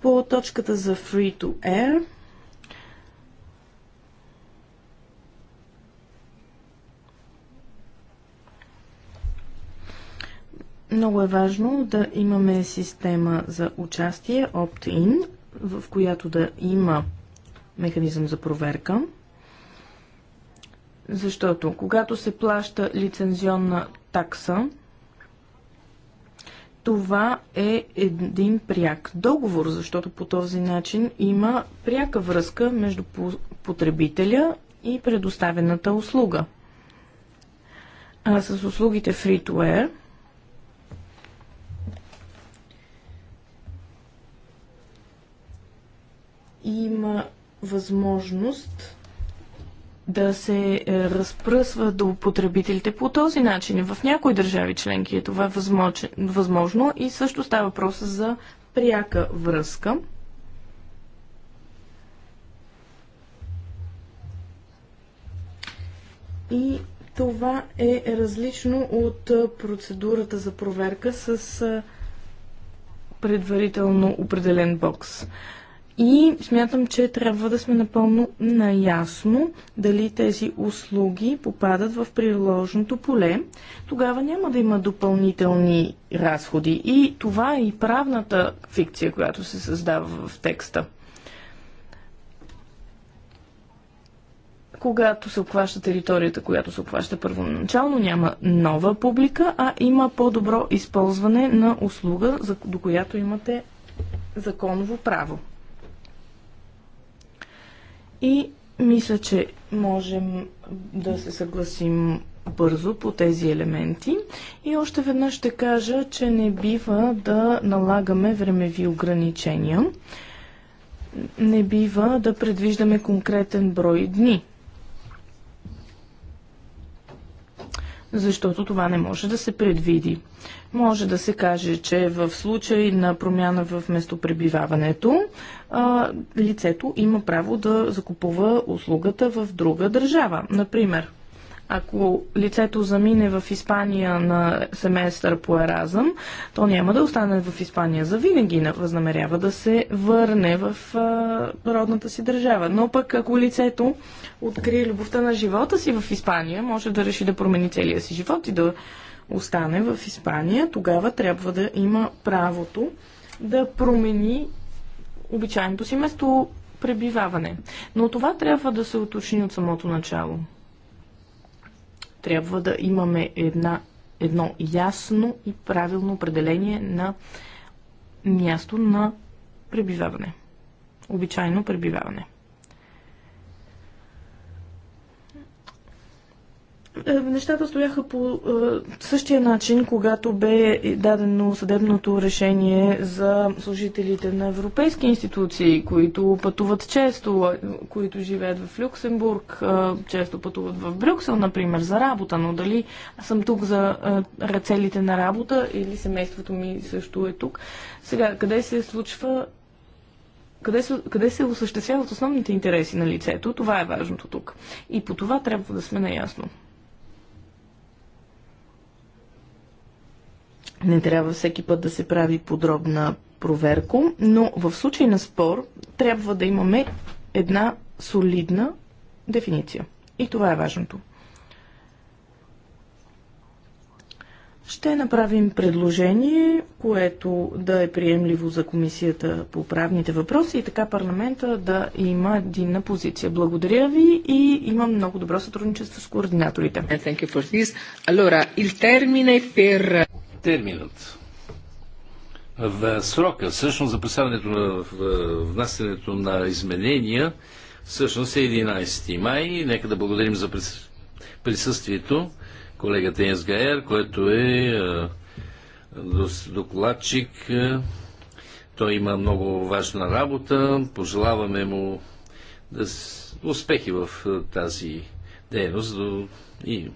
По точката за Free to Air – Много е важно да имаме система за участие, opt-in, в която да има механизъм за проверка. Защото когато се плаща лицензионна такса, това е един пряк договор, защото по този начин има пряка връзка между потребителя и предоставената услуга. А с услугите Free to Air – има възможност да се е, разпръсва до потребителите по този начин. В някои държави членки е това възможно и също става въпрос за пряка връзка. И това е различно от е, процедурата за проверка с е, предварително определен бокс. И смятам, че трябва да сме напълно наясно дали тези услуги попадат в приложното поле. Тогава няма да има допълнителни разходи. И това е и правната фикция, която се създава в текста. когато се обхваща територията, която се обхваща първоначално, няма нова публика, а има по-добро използване на услуга, до която имате законово право. И мисля, че можем да се съгласим бързо по тези елементи. И още веднъж ще кажа, че не бива да налагаме времеви ограничения. Не бива да предвиждаме конкретен брой дни. защото това не може да се предвиди. Може да се каже, че в случай на промяна в местопребиваването, лицето има право да закупува услугата в друга държава. Например, ако лицето замине в Испания на семестър по Еразъм, то няма да остане в Испания за винаги, възнамерява да се върне в родната си държава. Но пък ако лицето открие любовта на живота си в Испания, може да реши да промени целия си живот и да остане в Испания, тогава трябва да има правото да промени обичайното си место пребиваване. Но това трябва да се уточни от самото начало. Трябва да имаме една, едно ясно и правилно определение на място на пребиваване. Обичайно пребиваване. Е, нещата стояха по е, същия начин, когато бе дадено съдебното решение за служителите на европейски институции, които пътуват често, е, които живеят в Люксембург, често пътуват в Брюксел, например, за работа, но дали съм тук за целите на работа или семейството ми също е тук. Сега, къде се случва къде се, къде се осъществяват основните интереси на лицето, това е важното тук. И по това трябва да сме наясно. Не трябва всеки път да се прави подробна проверка, но в случай на спор трябва да имаме една солидна дефиниция. И това е важното. Ще направим предложение, което да е приемливо за Комисията по правните въпроси и така парламента да има единна позиция. Благодаря ви и имам много добро сътрудничество с координаторите терминът. В срока, всъщност, за представянето на внасянето на изменения, всъщност е 11 май. Нека да благодарим за присъствието колегата Енс Гайер, който е докладчик. Той има много важна работа. Пожелаваме му да успехи в тази дейност и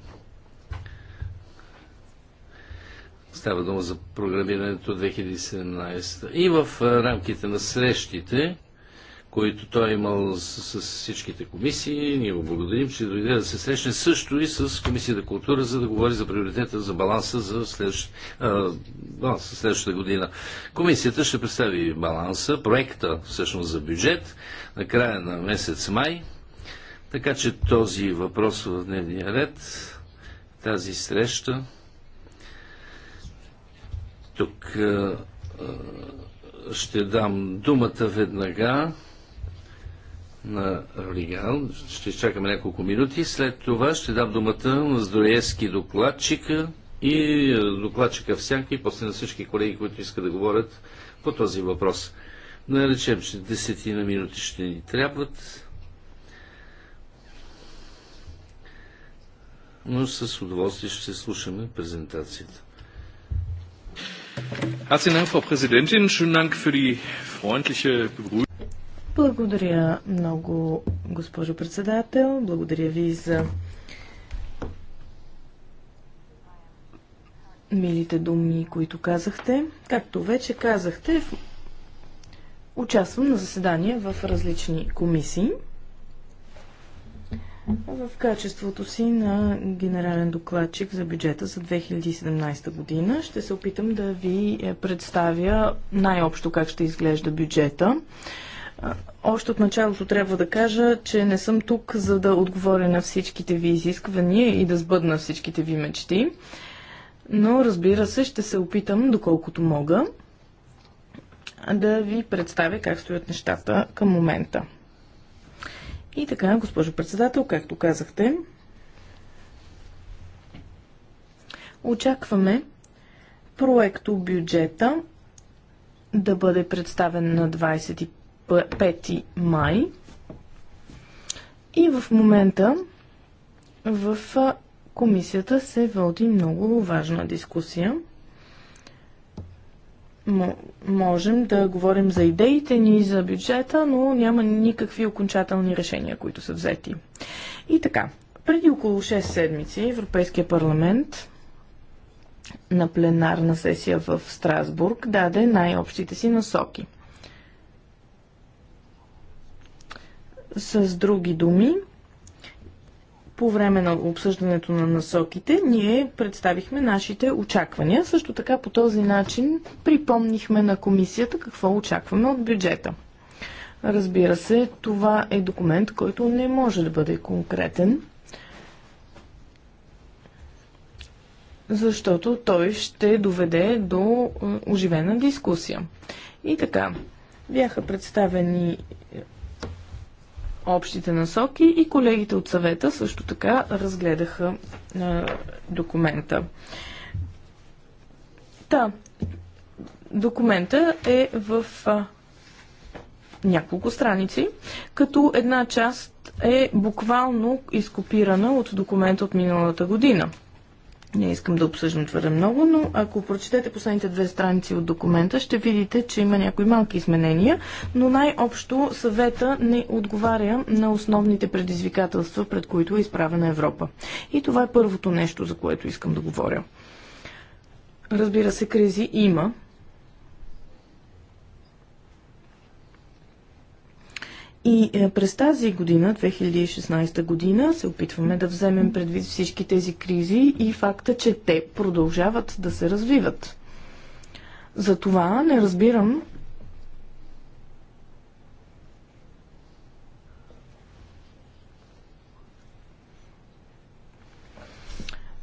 Става дума за програмирането 2017. И в рамките на срещите, които той е имал с, с всичките комисии, ние го благодарим, че дойде да се срещне също и с Комисията култура, за да говори за приоритета за баланса за следващ, а, следващата година. Комисията ще представи баланса, проекта всъщност за бюджет на края на месец май. Така че този въпрос в дневния ред, тази среща, тук ще дам думата веднага на Ролиган. Ще изчакаме няколко минути. След това ще дам думата на Здроевски докладчика и докладчика всяка и после на всички колеги, които искат да говорят по този въпрос. Да речем, че десетина минути ще ни трябват. Но с удоволствие ще слушаме презентацията. Herzlichen Dank, Frau Präsidentin. Schönen Dank für die freundliche Begrüßung. Благодаря много, госпожо председател. Благодаря ви за милите думи, които казахте. Както вече казахте, участвам на заседания в различни комисии в качеството си на генерален докладчик за бюджета за 2017 година. Ще се опитам да ви е, представя най-общо как ще изглежда бюджета. Още от началото трябва да кажа, че не съм тук, за да отговоря на всичките ви изисквания и да сбъдна всичките ви мечти. Но, разбира се, ще се опитам, доколкото мога, да ви представя как стоят нещата към момента. И така, госпожо председател, както казахте, очакваме проекто бюджета да бъде представен на 25 май. И в момента в комисията се води много важна дискусия можем да говорим за идеите ни за бюджета, но няма никакви окончателни решения, които са взети. И така, преди около 6 седмици Европейския парламент на пленарна сесия в Страсбург даде най-общите си насоки. С други думи, по време на обсъждането на насоките ние представихме нашите очаквания. Също така по този начин припомнихме на комисията какво очакваме от бюджета. Разбира се, това е документ, който не може да бъде конкретен, защото той ще доведе до е, оживена дискусия. И така, бяха представени общите насоки и колегите от съвета също така разгледаха а, документа. Та, документа е в а, няколко страници, като една част е буквално изкопирана от документа от миналата година – не искам да обсъждам твърде много, но ако прочетете последните две страници от документа, ще видите, че има някои малки изменения, но най-общо съвета не отговаря на основните предизвикателства, пред които е изправена Европа. И това е първото нещо, за което искам да говоря. Разбира се, кризи има, И е, през тази година, 2016 година, се опитваме да вземем предвид всички тези кризи и факта, че те продължават да се развиват. Затова не разбирам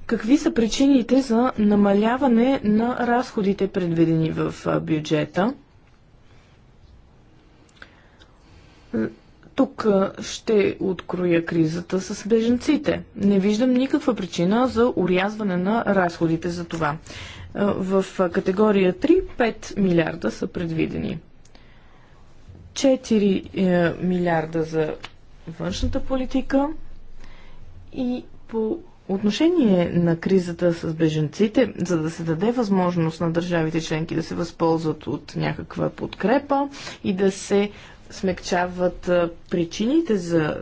Какви са причините за намаляване на разходите, предвидени в бюджета? Тук ще откроя кризата с беженците. Не виждам никаква причина за урязване на разходите за това. В категория 3 5 милиарда са предвидени. 4 е, милиарда за външната политика и по отношение на кризата с беженците, за да се даде възможност на държавите членки да се възползват от някаква подкрепа и да се смекчават причините за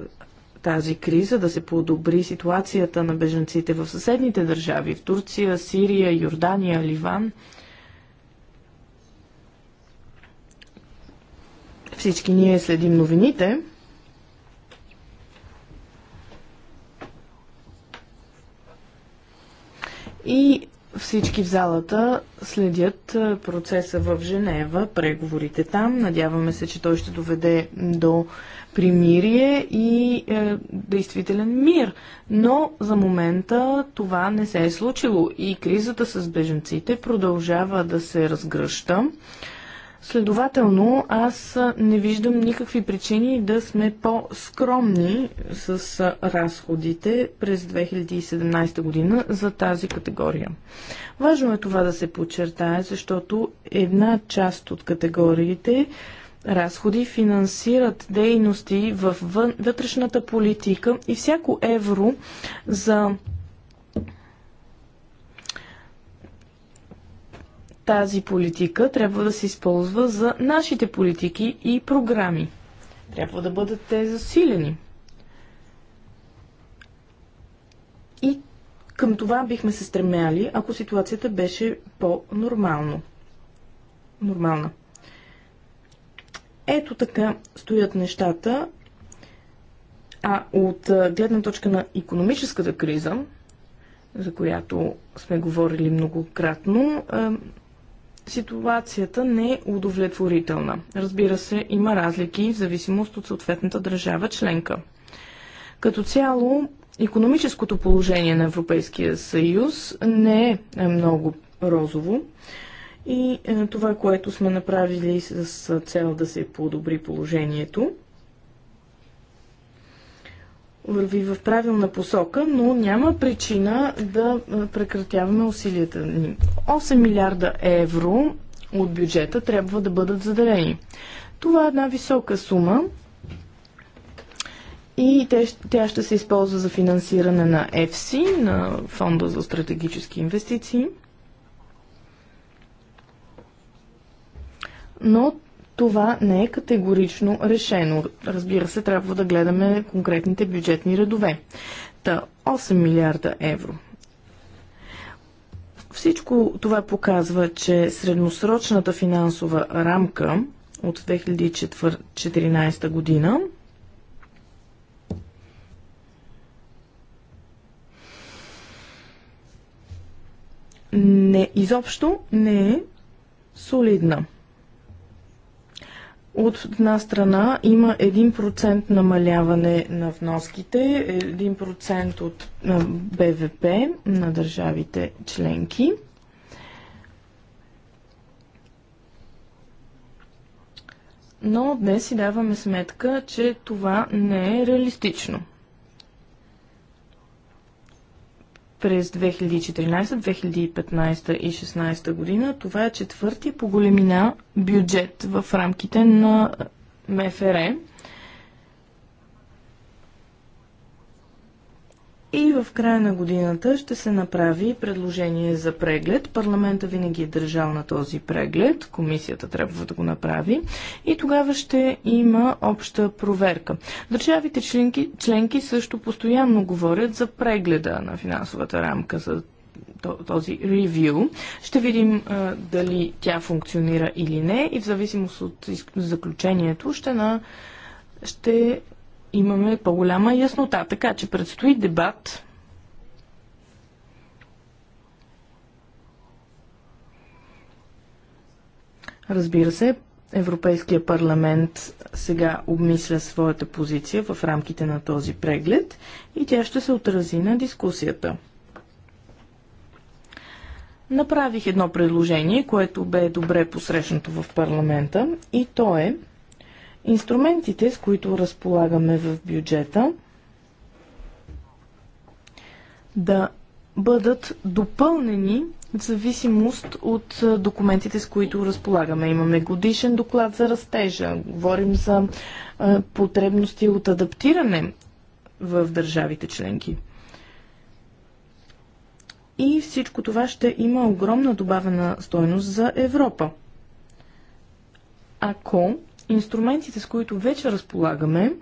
тази криза, да се подобри ситуацията на беженците в съседните държави, в Турция, Сирия, Йордания, Ливан. Всички ние следим новините. И всички в залата следят е, процеса в Женева, преговорите там. Надяваме се, че той ще доведе до примирие и е, действителен мир. Но за момента това не се е случило и кризата с беженците продължава да се разгръща. Следователно, аз не виждам никакви причини да сме по-скромни с разходите през 2017 година за тази категория. Важно е това да се подчертае, защото една част от категориите разходи финансират дейности в вътрешната политика и всяко евро за тази политика трябва да се използва за нашите политики и програми. Трябва да бъдат те засилени. И към това бихме се стремяли, ако ситуацията беше по-нормално. Нормална. Ето така стоят нещата. А от гледна точка на економическата криза, за която сме говорили многократно, ситуацията не е удовлетворителна. Разбира се, има разлики в зависимост от съответната държава членка. Като цяло, економическото положение на Европейския съюз не е, е много розово. И е, това, което сме направили с цел да се подобри положението, върви в правилна посока, но няма причина да прекратяваме усилията ни. 8 милиарда евро от бюджета трябва да бъдат заделени. Това е една висока сума и тя ще се използва за финансиране на ЕФСИ, на Фонда за стратегически инвестиции. Но това не е категорично решено. Разбира се, трябва да гледаме конкретните бюджетни редове. Та 8 милиарда евро. Всичко това показва, че средносрочната финансова рамка от 2014 година не, изобщо не е солидна. От една страна има 1% намаляване на вноските, 1% от БВП на държавите членки. Но днес си даваме сметка, че това не е реалистично. през 2014, 2015 и 2016 година. Това е четвърти по големина бюджет в рамките на МФР. И в края на годината ще се направи предложение за преглед. Парламента винаги е държал на този преглед. Комисията трябва да го направи. И тогава ще има обща проверка. Държавите членки, членки също постоянно говорят за прегледа на финансовата рамка за този ревю. Ще видим а, дали тя функционира или не и в зависимост от заключението ще, на, ще имаме по-голяма яснота. Така че предстои дебат. Разбира се, Европейския парламент сега обмисля своята позиция в рамките на този преглед и тя ще се отрази на дискусията. Направих едно предложение, което бе добре посрещнато в парламента и то е Инструментите, с които разполагаме в бюджета, да бъдат допълнени в зависимост от документите, с които разполагаме. Имаме годишен доклад за растежа, говорим за потребности от адаптиране в държавите членки. И всичко това ще има огромна добавена стойност за Европа. Ако инструментите, с които вече разполагаме,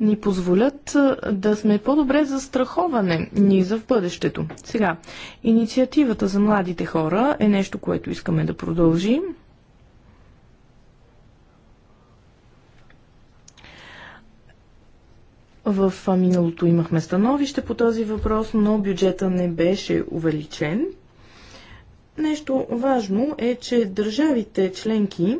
ни позволят да сме по-добре застраховане ни за в бъдещето. Сега, инициативата за младите хора е нещо, което искаме да продължим. В миналото имахме становище по този въпрос, но бюджета не беше увеличен. Нещо важно е, че държавите членки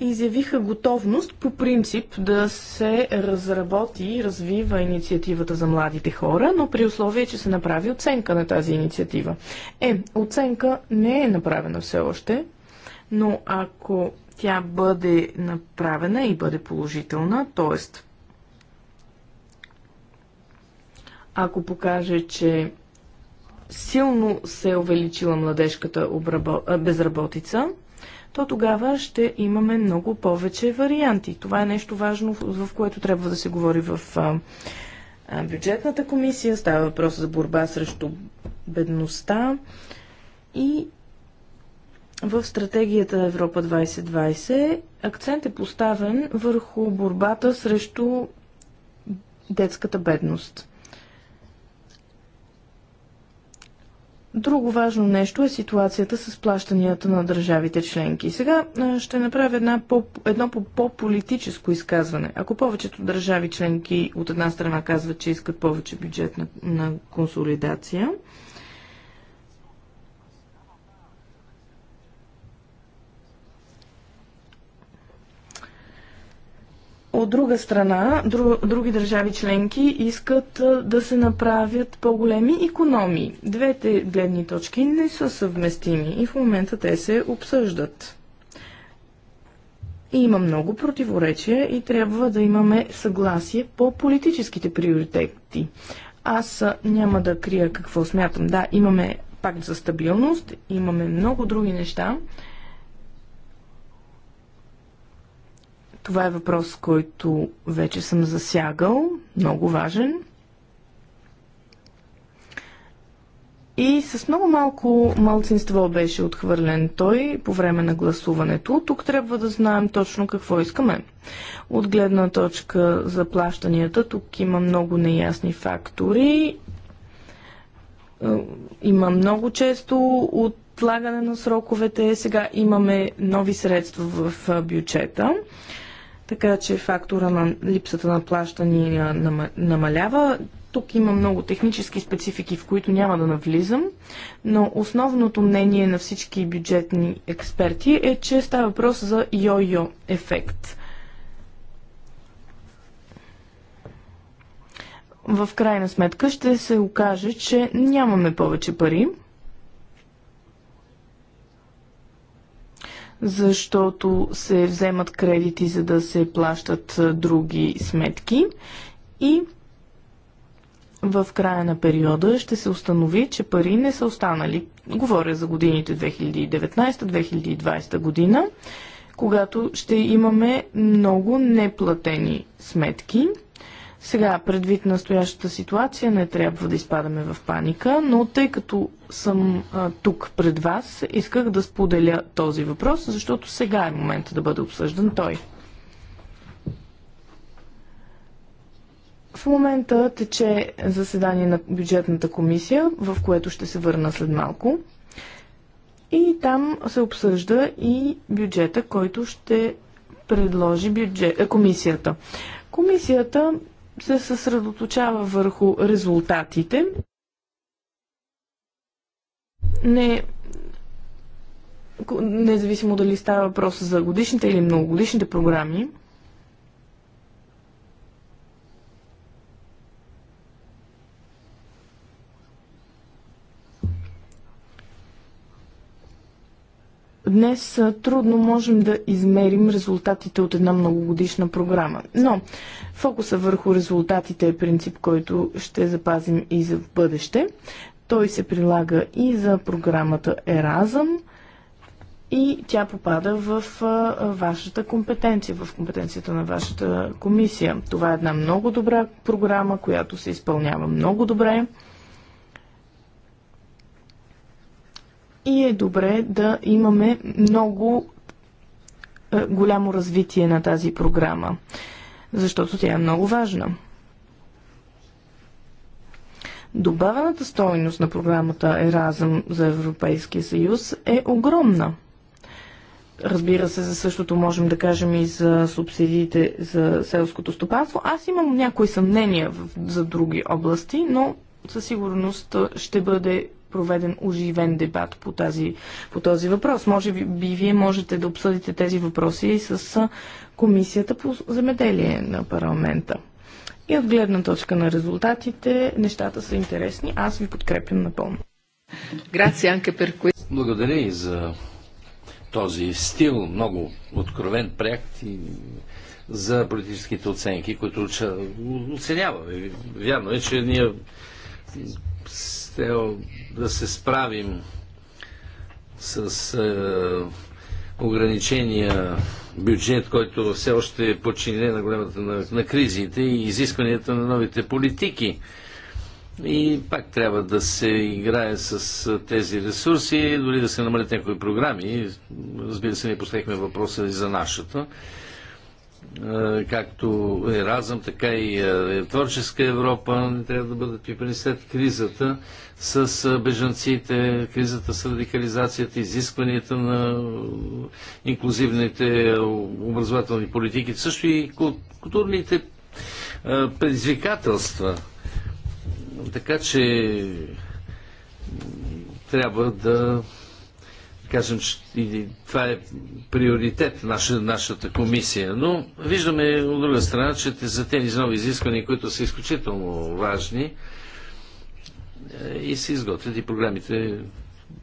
изявиха готовност по принцип да се разработи и развива инициативата за младите хора, но при условие, че се направи оценка на тази инициатива. Е, оценка не е направена все още, но ако тя бъде направена и бъде положителна, т.е. ако покаже, че силно се е увеличила младежката безработица, то тогава ще имаме много повече варианти. Това е нещо важно, в което трябва да се говори в бюджетната комисия. Става въпрос за борба срещу бедността и в стратегията Европа 2020 акцент е поставен върху борбата срещу детската бедност. Друго важно нещо е ситуацията с плащанията на държавите членки. Сега ще направя една по, едно по-политическо изказване. Ако повечето държави членки от една страна казват, че искат повече на, на консолидация, От друга страна, други държави членки искат да се направят по-големи економии. Двете гледни точки не са съвместими и в момента те се обсъждат. И има много противоречия и трябва да имаме съгласие по политическите приоритети. Аз няма да крия какво смятам. Да, имаме пакт за стабилност, имаме много други неща, Това е въпрос, който вече съм засягал, много важен. И с много малко малцинство беше отхвърлен той по време на гласуването. Тук трябва да знаем точно какво искаме. От гледна точка за плащанията, тук има много неясни фактори. Е, има много често отлагане на сроковете. Сега имаме нови средства в бюджета така че фактора на липсата на плащане намалява. Тук има много технически специфики, в които няма да навлизам, но основното мнение на всички бюджетни експерти е, че става въпрос за йо-йо ефект. В крайна сметка ще се окаже, че нямаме повече пари, защото се вземат кредити, за да се плащат други сметки и в края на периода ще се установи, че пари не са останали. Говоря за годините 2019-2020 година, когато ще имаме много неплатени сметки – сега, предвид настоящата ситуация, не трябва да изпадаме в паника, но тъй като съм а, тук пред вас, исках да споделя този въпрос, защото сега е момента да бъде обсъждан той. В момента тече заседание на бюджетната комисия, в което ще се върна след малко. И там се обсъжда и бюджета, който ще предложи бюджет, комисията. Комисията се съсредоточава върху резултатите. Не независимо дали става въпрос за годишните или многогодишните програми, Днес трудно можем да измерим резултатите от една многогодишна програма, но фокуса върху резултатите е принцип, който ще запазим и за в бъдеще. Той се прилага и за програмата Еразъм и тя попада в вашата компетенция, в компетенцията на вашата комисия. Това е една много добра програма, която се изпълнява много добре. и е добре да имаме много е, голямо развитие на тази програма, защото тя е много важна. Добавената стойност на програмата Еразъм за Европейския съюз е огромна. Разбира се, за същото можем да кажем и за субсидиите за селското стопанство. Аз имам някои съмнения за други области, но със сигурност ще бъде проведен оживен дебат по, тази, по този въпрос. Може би вие можете да обсъдите тези въпроси и с Комисията по земеделие на парламента. И от гледна точка на резултатите, нещата са интересни. Аз ви подкрепям напълно. Благодаря и за този стил, много откровен, проект и за политическите оценки, които оценяваме. Вярно е, че ние цел да се справим с е, ограничения бюджет, който все още е подчинен на големата на, на кризите и изискванията на новите политики. И пак трябва да се играе с е, тези ресурси, дори да се намалят някои програми. Разбира се, ние поставихме въпроса и за нашата както е разъм, така и е Творческа Европа, трябва да бъдат пипани след кризата с бежанците, кризата с радикализацията, изискванията на инклюзивните образователни политики, също и културните предизвикателства. Така че трябва да кажем, че това е приоритет наша, нашата комисия. Но виждаме от друга страна, че за тези нови изисквания, които са изключително важни, е, и се изготвят и програмите,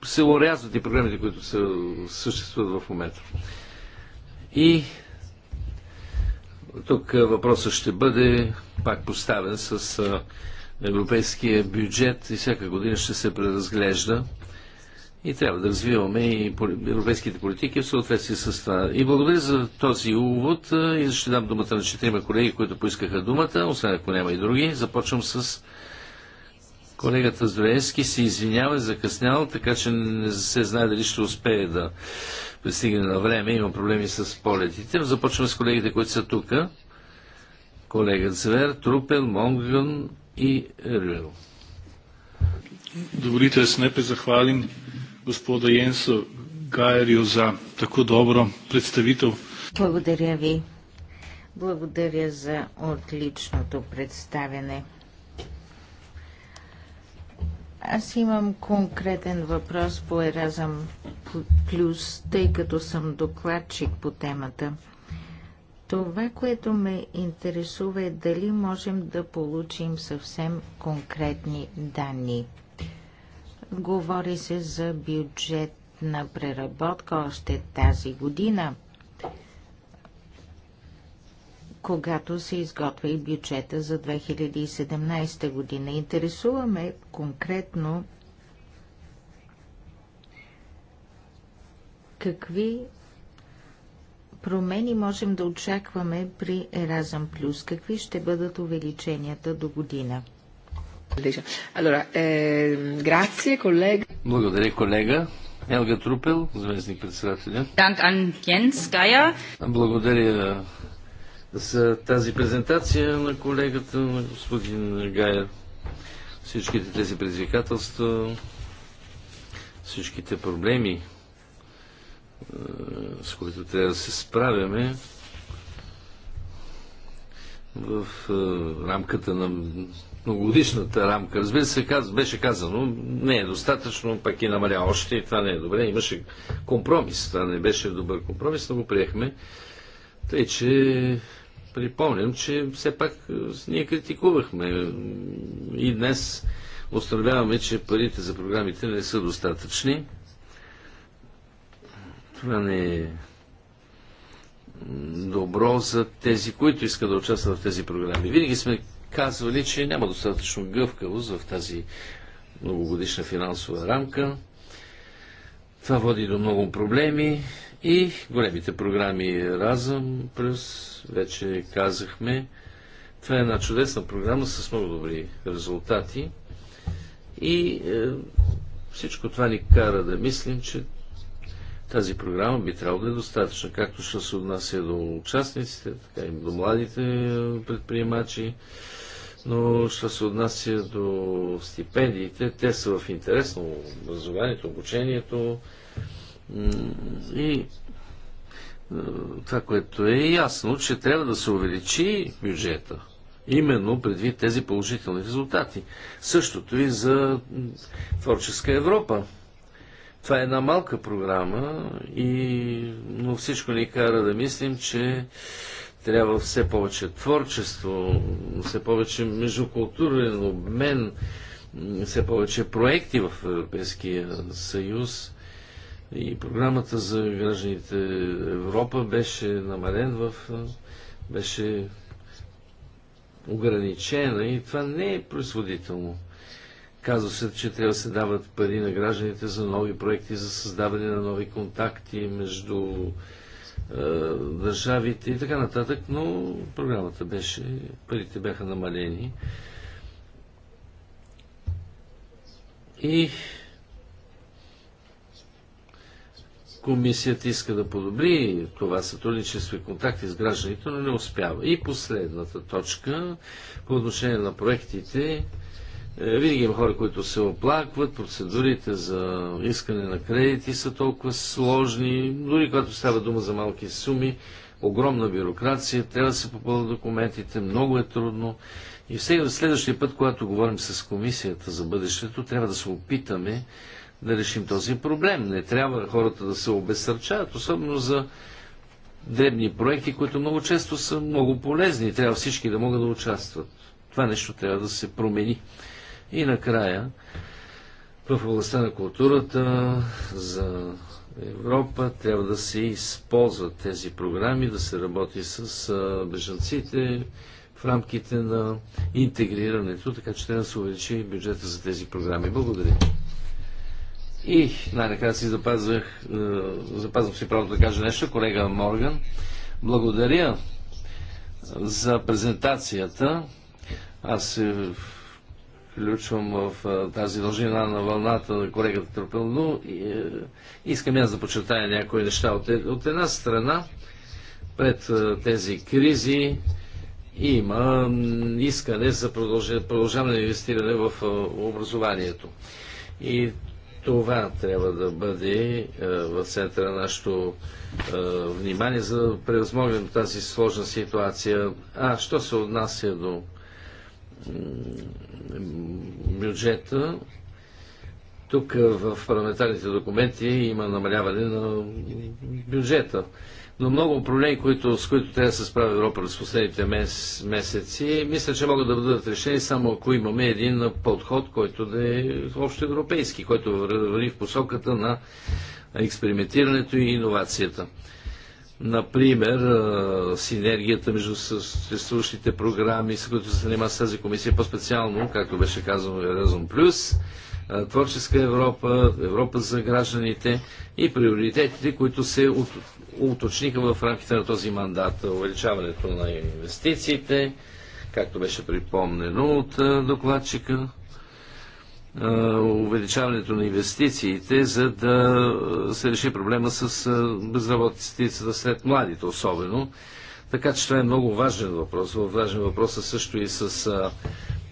се урязват и програмите, които се съществуват в момента. И тук е, въпросът ще бъде пак поставен с е, европейския бюджет и всяка година ще се преразглежда и трябва да развиваме и европейските политики в съответствие с това. И благодаря за този увод и ще дам думата на четирима колеги, които поискаха думата, освен ако няма и други. Започвам с колегата Здоевски се извинява, закъснял, така че не се знае дали ще успее да пристигне на време. Има проблеми с полетите. Започваме с колегите, които са тук. Колега Звер, Трупел, Монган и Рюел. Добрите, аз не захвалим господа Енсо Гайрио за тако добро представител. Благодаря ви. Благодаря за отличното представяне. Аз имам конкретен въпрос по Еразъм Плюс, тъй като съм докладчик по темата. Това, което ме интересува е дали можем да получим съвсем конкретни данни. Говори се за бюджетна преработка още тази година, когато се изготвя и бюджета за 2017 година. Интересуваме конкретно какви промени можем да очакваме при Еразъм Плюс? Какви ще бъдат увеличенията до година? Ehm, Благодаря, колега. Елга Трупел, заместник председателя. Благодаря за тази презентация на колегата, на господин Гая. Всичките тези предизвикателства, всичките проблеми, е, с които трябва да се справяме в е, рамката на многогодишната рамка. Разбира се, каз, беше казано, не е достатъчно, пък и намаля още и това не е добре. Имаше компромис, това не беше добър компромис, но го приехме. Тъй, че припомням, че все пак е, ние критикувахме и днес установяваме, че парите за програмите не са достатъчни. Това не е добро за тези, които искат да участват в тези програми. Винаги сме казвали, че няма достатъчно гъвкавост в тази многогодишна финансова рамка. Това води до много проблеми и големите програми Разъм, плюс вече казахме, това е една чудесна програма с много добри резултати и е, всичко това ни кара да мислим, че тази програма би трябвало да е достатъчна, както ще се отнася до участниците, така и до младите предприемачи, но, що се отнася до стипендиите, те са в интерес на образованието, обучението и е, това, което е ясно, че трябва да се увеличи бюджета. Именно предвид тези положителни резултати. Същото и за Творческа Европа. Това е една малка програма, и... но всичко ни кара да мислим, че трябва все повече творчество, все повече междукултурен обмен, все повече проекти в Европейския съюз. И програмата за гражданите Европа беше намален в... беше ограничена и това не е производително. Казва се, че трябва да се дават пари на гражданите за нови проекти, за създаване на нови контакти между е, държавите и така нататък, но програмата беше, парите бяха намалени. И комисията иска да подобри това сътрудничество и контакти с гражданите, но не успява. И последната точка по отношение на проектите е, винаги има хора, които се оплакват, процедурите за искане на кредити са толкова сложни, дори когато става дума за малки суми, огромна бюрокрация, трябва да се попълват документите, много е трудно. И следващия път, когато говорим с комисията за бъдещето, трябва да се опитаме да решим този проблем. Не трябва хората да се обесърчават, особено за дребни проекти, които много често са много полезни и трябва всички да могат да участват. Това нещо трябва да се промени. И накрая, в областта на културата за Европа трябва да се използват тези програми, да се работи с бежанците в рамките на интегрирането, така че трябва да се увеличи бюджета за тези програми. Благодаря. И най-накрая си запазвах, запазвам си правото да кажа нещо, колега Морган. Благодаря за презентацията. Аз се включвам в тази дължина на вълната на колегата Трупел, но е, искам аз да почетая някои неща. Е, от една страна, пред тези кризи има искане за продължаване на инвестиране в образованието. И това трябва да бъде в центъра на нашето внимание, за да превъзмогнем тази сложна ситуация. А, що се отнася до бюджета. Тук в парламентарните документи има намаляване на бюджета. Но много проблеми, които, с които трябва да се справи Европа през последните мес, месеци, мисля, че могат да бъдат решени само ако имаме един подход, който да е общо европейски, който върви в посоката на експериментирането и иновацията. Например, синергията между съществуващите програми, с които се занимава с тази комисия, по-специално, както беше казано, Еразъм Плюс, Творческа Европа, Европа за гражданите и приоритетите, които се уточниха в рамките на този мандат. Увеличаването на инвестициите, както беше припомнено от докладчика, увеличаването на инвестициите, за да се реши проблема с безработицата след младите особено. Така че това е много важен въпрос. Важен въпрос е също и с а,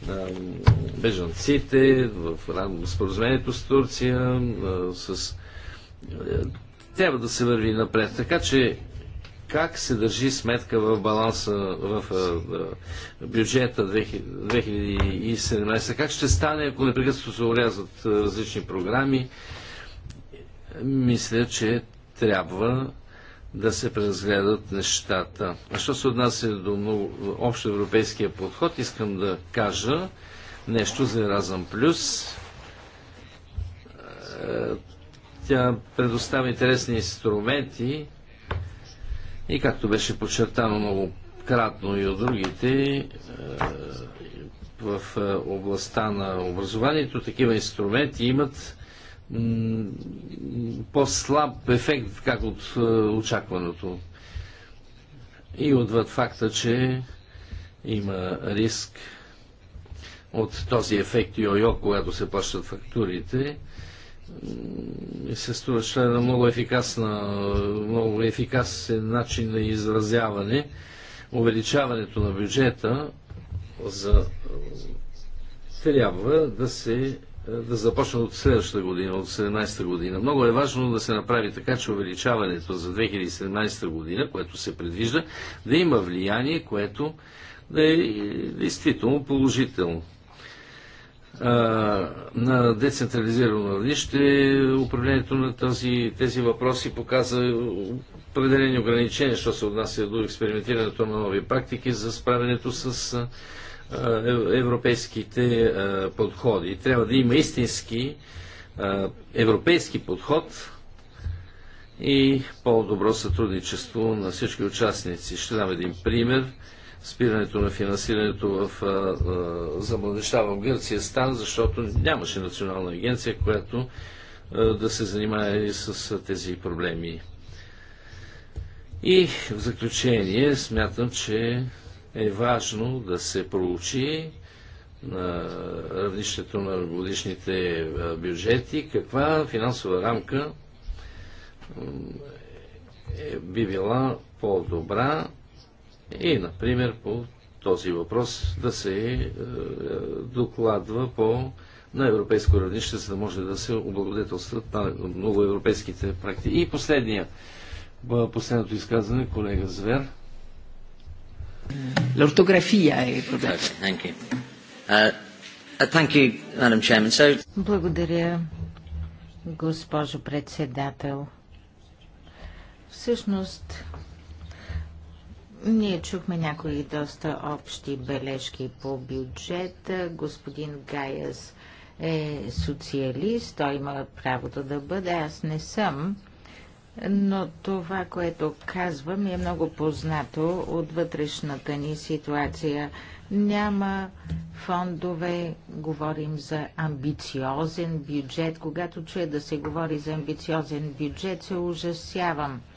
а, бежанците, в споразумението с Турция, а, с... Е, трябва да се върви напред. Така че как се държи сметка в баланса в бюджета 2017? Как ще стане, ако непрекъснато се урязват различни програми? Мисля, че трябва да се преразгледат нещата. А що се отнася до много общо европейския подход, искам да кажа нещо за Еразъм Плюс. Тя предоставя интересни инструменти, и както беше подчертано много кратно и от другите, е, в е, областта на образованието такива инструменти имат по-слаб ефект, как от е, очакваното. И отвъд факта, че има риск от този ефект йо-йо, когато се плащат фактурите, ми се струва е на много ефикасна, много ефикасен начин на изразяване. Увеличаването на бюджета за... трябва да се да започне от следващата година, от 2017 година. Много е важно да се направи така, че увеличаването за 2017 година, което се предвижда, да има влияние, което да е, е действително положително на децентрализирано равнище, управлението на тази, тези въпроси показа определени ограничения, що се отнася до експериментирането на нови практики за справянето с е, европейските подходи. Трябва да има истински европейски подход и по-добро сътрудничество на всички участници. Ще дам един пример – спирането на финансирането в, а, а, за младеща в Гърция стан, защото нямаше национална агенция, която а, да се занимае с а, тези проблеми. И в заключение смятам, че е важно да се проучи на равнището на годишните бюджети, каква финансова рамка е, би била по-добра и, например, по този въпрос да се е, докладва по на европейско равнище, за да може да се облагодетелстват на много европейските практики. И последния, последното изказване, колега Звер. Лортография е проблемът. Благодаря, госпожо председател. Всъщност, ние чухме някои доста общи бележки по бюджета. Господин Гаяс е социалист, той има правото да бъде, аз не съм. Но това, което казвам, е много познато от вътрешната ни ситуация. Няма фондове, говорим за амбициозен бюджет. Когато чуя да се говори за амбициозен бюджет, се ужасявам –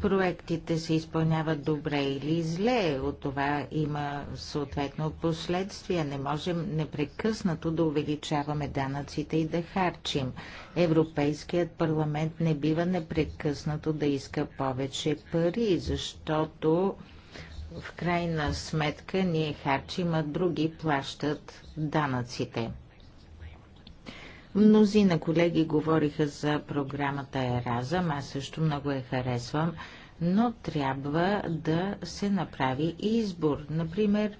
проектите се изпълняват добре или зле. От това има съответно последствия. Не можем непрекъснато да увеличаваме данъците и да харчим. Европейският парламент не бива непрекъснато да иска повече пари, защото в крайна сметка ние харчим, а други плащат данъците. Мнозина колеги говориха за програмата Еразъм, аз също много я харесвам, но трябва да се направи и избор. Например,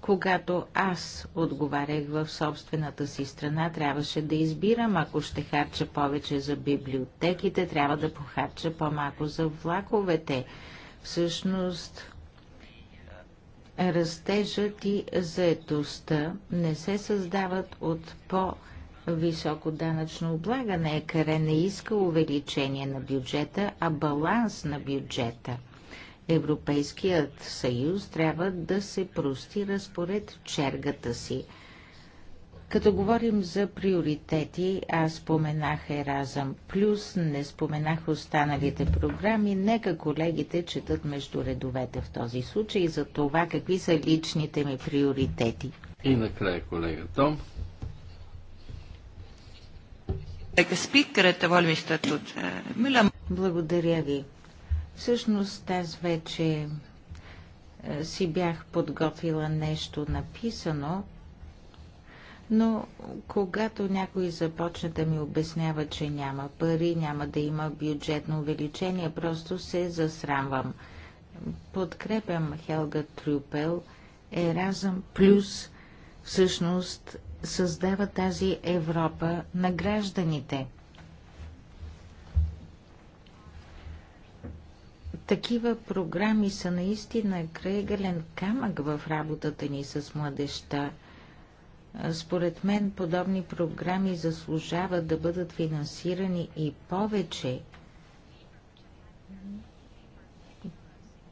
когато аз отговарях в собствената си страна, трябваше да избирам, ако ще харча повече за библиотеките, трябва да похарча по-малко за влаковете. Всъщност, растежът и заетостта не се създават от по- високо данъчно облагане. Екаре не иска увеличение на бюджета, а баланс на бюджета. Европейският съюз трябва да се простира според чергата си. Като говорим за приоритети, аз споменах Еразъм Плюс, не споменах останалите програми. Нека колегите четат между редовете в този случай за това какви са личните ми приоритети. И накрая колега Том. Uh, Благодаря ви. Всъщност аз вече е, си бях подготвила нещо написано, но когато някой започне да ми обяснява, че няма пари, няма да има бюджетно увеличение, просто се засрамвам. Подкрепям Хелга Трюпел, Еразъм плюс всъщност създава тази Европа на гражданите. Такива програми са наистина крайгален камък в работата ни с младеща. Според мен подобни програми заслужават да бъдат финансирани и повече.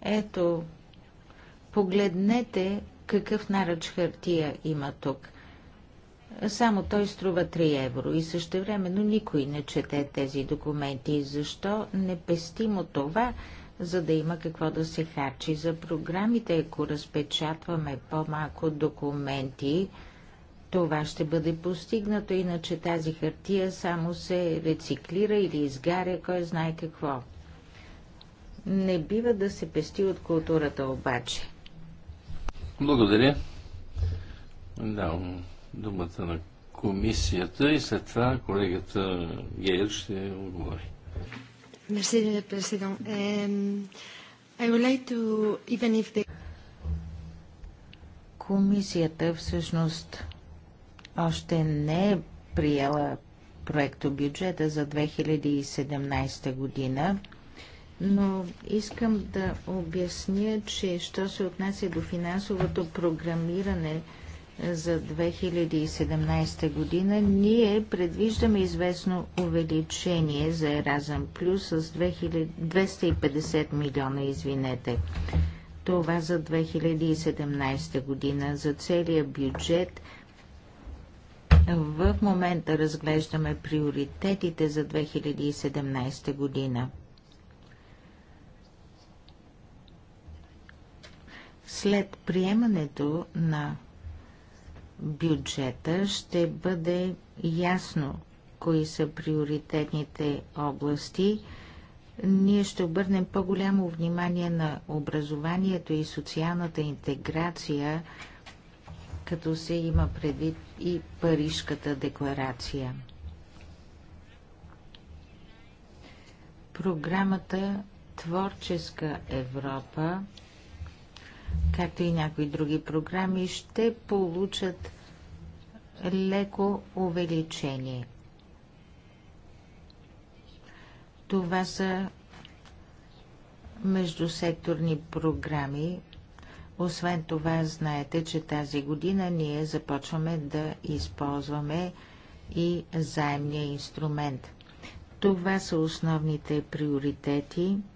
Ето, погледнете какъв наръч хартия има тук – само той струва 3 евро и също времено никой не чете тези документи. Защо не пестим от това, за да има какво да се харчи за програмите? Ако разпечатваме по-малко документи, това ще бъде постигнато, иначе тази хартия само се рециклира или изгаря, кой знае какво. Не бива да се пести от културата обаче. Благодаря. Да, думата на комисията и след това колегата Гейер ще отговори. Комисията всъщност още не е приела проекто бюджета за 2017 година, но искам да обясня, че що се отнася до финансовото програмиране – за 2017 година, ние предвиждаме известно увеличение за Еразъм Плюс с 2000... 250 милиона, извинете. Това за 2017 година, за целия бюджет. В момента разглеждаме приоритетите за 2017 година. След приемането на бюджета ще бъде ясно кои са приоритетните области. Ние ще обърнем по-голямо внимание на образованието и социалната интеграция, като се има предвид и Парижката декларация. Програмата Творческа Европа както и някои други програми, ще получат леко увеличение. Това са междусекторни програми. Освен това, знаете, че тази година ние започваме да използваме и заемния инструмент. Това са основните приоритети –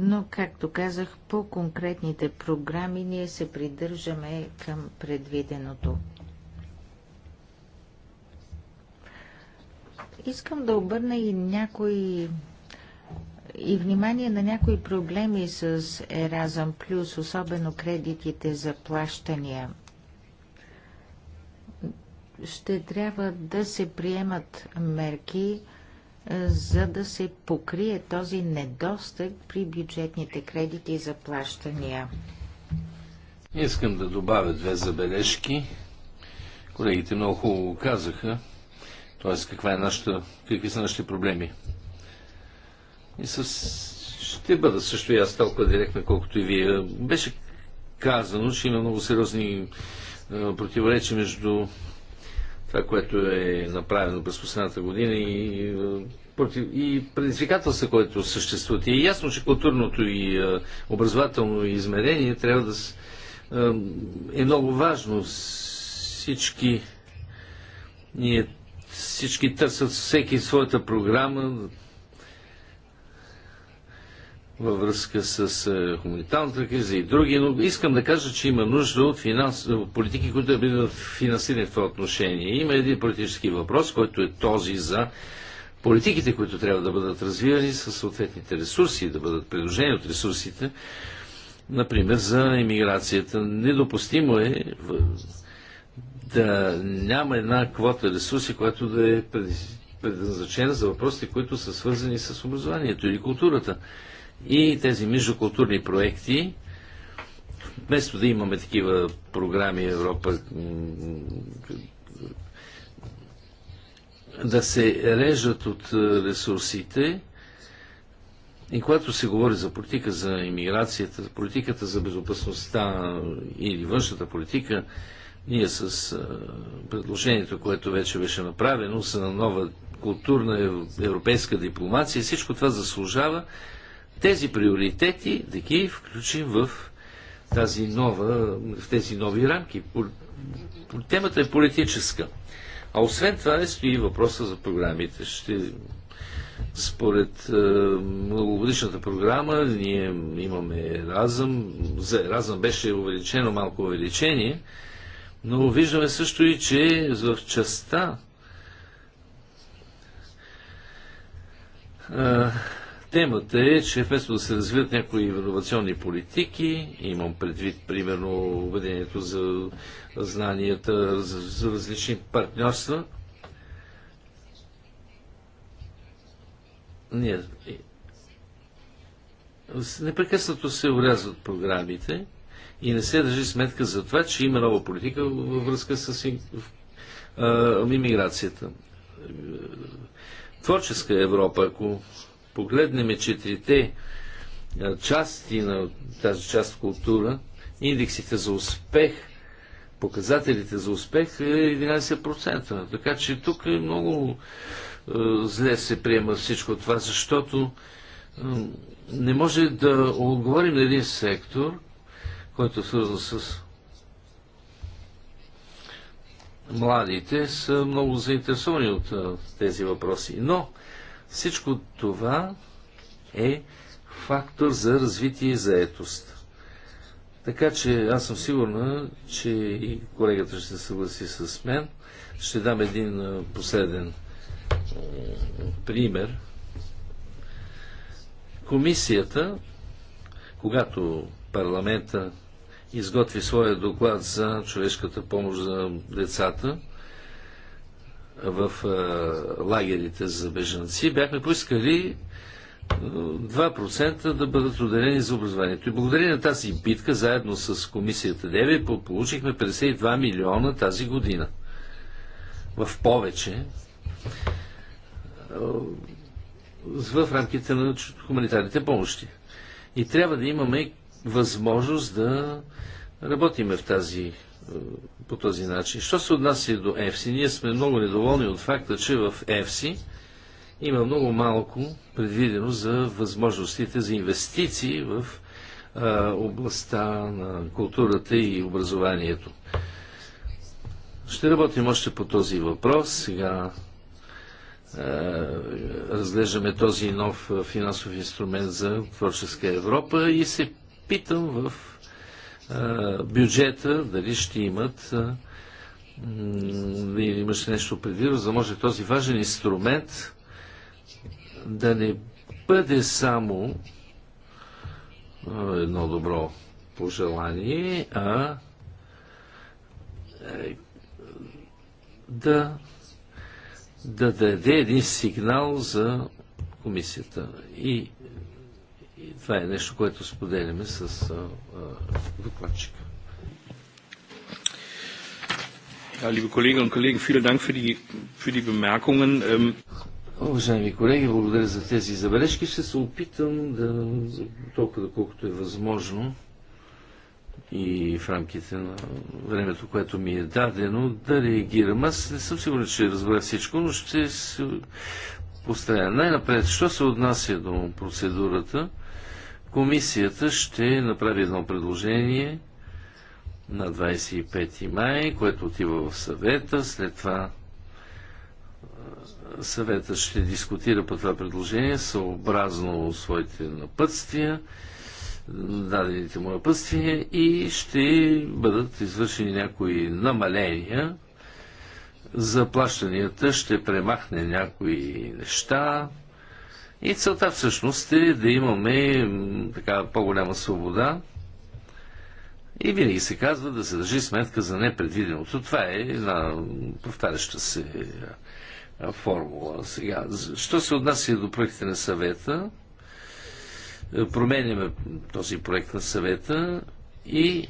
но, както казах, по конкретните програми ние се придържаме към предвиденото. Искам да обърна и някои и внимание на някои проблеми с Еразъм Плюс, особено кредитите за плащания. Ще трябва да се приемат мерки, за да се покрие този недостъг при бюджетните кредити и заплащания. Искам да добавя две забележки. Колегите много хубаво казаха, т.е. каква е нашата, какви са нашите проблеми. И с... ще бъда също и аз толкова директна, колкото и вие. Беше казано, че има много сериозни противоречия между това, което е направено през последната година и, и, и предизвикателства, което съществуват. И е ясно, че културното и е, образователно измерение трябва да с, е много важно. Всички ние всички търсят всеки своята програма, във връзка с е, хуманитарната криза и други, но искам да кажа, че има нужда от финанс... политики, които да бъдат финансирани в това отношение. Има един политически въпрос, който е този за политиките, които трябва да бъдат развивани с съответните ресурси, да бъдат предложени от ресурсите, например за иммиграцията. Недопустимо е да няма една квота ресурси, която да е предназначена за въпросите, които са свързани с образованието или културата и тези междукултурни проекти, вместо да имаме такива програми Европа да се режат от е, ресурсите, и когато се говори за политика за иммиграцията, политиката за безопасността или външната политика, ние с е, предложението, което вече беше направено, са на нова културна европейска дипломация, всичко това заслужава тези приоритети да ги включим в тази нова, в тези нови рамки. Темата е политическа. А освен това не стои въпроса за програмите. Ще според е, многогодишната програма ние имаме разъм. За разъм беше увеличено малко увеличение, но виждаме също и, че в частта е, Темата е, че вместо да се развият някои инновационни политики, имам предвид, примерно, обединението за знанията, за, за различни партньорства, ние непрекъснато се урязват програмите и не се държи сметка за това, че има нова политика във връзка с иммиграцията. Творческа Европа, ако погледнем четирите части на тази част култура, индексите за успех, показателите за успех е 11%. Така че тук е много е, зле се приема всичко това, защото е, не може да отговорим на един сектор, който е свързан с младите, са много заинтересовани от е, тези въпроси. Но всичко това е фактор за развитие и заетост. Така че аз съм сигурна, че и колегата ще се съгласи с мен. Ще дам един последен пример. Комисията, когато парламента изготви своя доклад за човешката помощ за децата, в лагерите за бежанци, бяхме поискали 2% да бъдат отделени за образованието. И благодарение на тази битка, заедно с комисията ДЕВИ, получихме 52 милиона тази година. В повече в рамките на хуманитарните помощи. И трябва да имаме възможност да работиме в тази е, по този начин. Що се отнася до ЕФСИ? Ние сме много недоволни от факта, че в ЕФСИ има много малко предвидено за възможностите за инвестиции в е, областта на културата и образованието. Ще работим още по този въпрос. Сега е, разглеждаме този нов финансов инструмент за творческа Европа и се питам в е, бюджета, дали ще имат е, или имаше нещо предвидно, за да може този важен инструмент да не бъде само е, едно добро пожелание, а да, да даде един сигнал за комисията. И това е нещо, което споделяме с докладчика. Ja, liebe Kolleginnen und Kollegen, vielen Dank für die, für die Bemerkungen. Ähm, Уважаеми колеги, благодаря за тези забележки. Ще се опитам да толкова колкото е възможно и в рамките на времето, което ми е дадено, да реагирам. Аз не съм сигурен, че разбра всичко, но ще се постарая. Най-напред, що се отнася до процедурата, Комисията ще направи едно предложение на 25 май, което отива в съвета. След това съвета ще дискутира по това предложение съобразно своите напътствия, дадените му напътствия и ще бъдат извършени някои намаления. Заплащанията ще премахне някои неща, и целта всъщност е да имаме така по-голяма свобода и винаги се казва да се държи сметка за непредвиденото. Това е една повтаряща се формула. Сега, що се отнася до проектите на съвета, е, променяме този проект на съвета и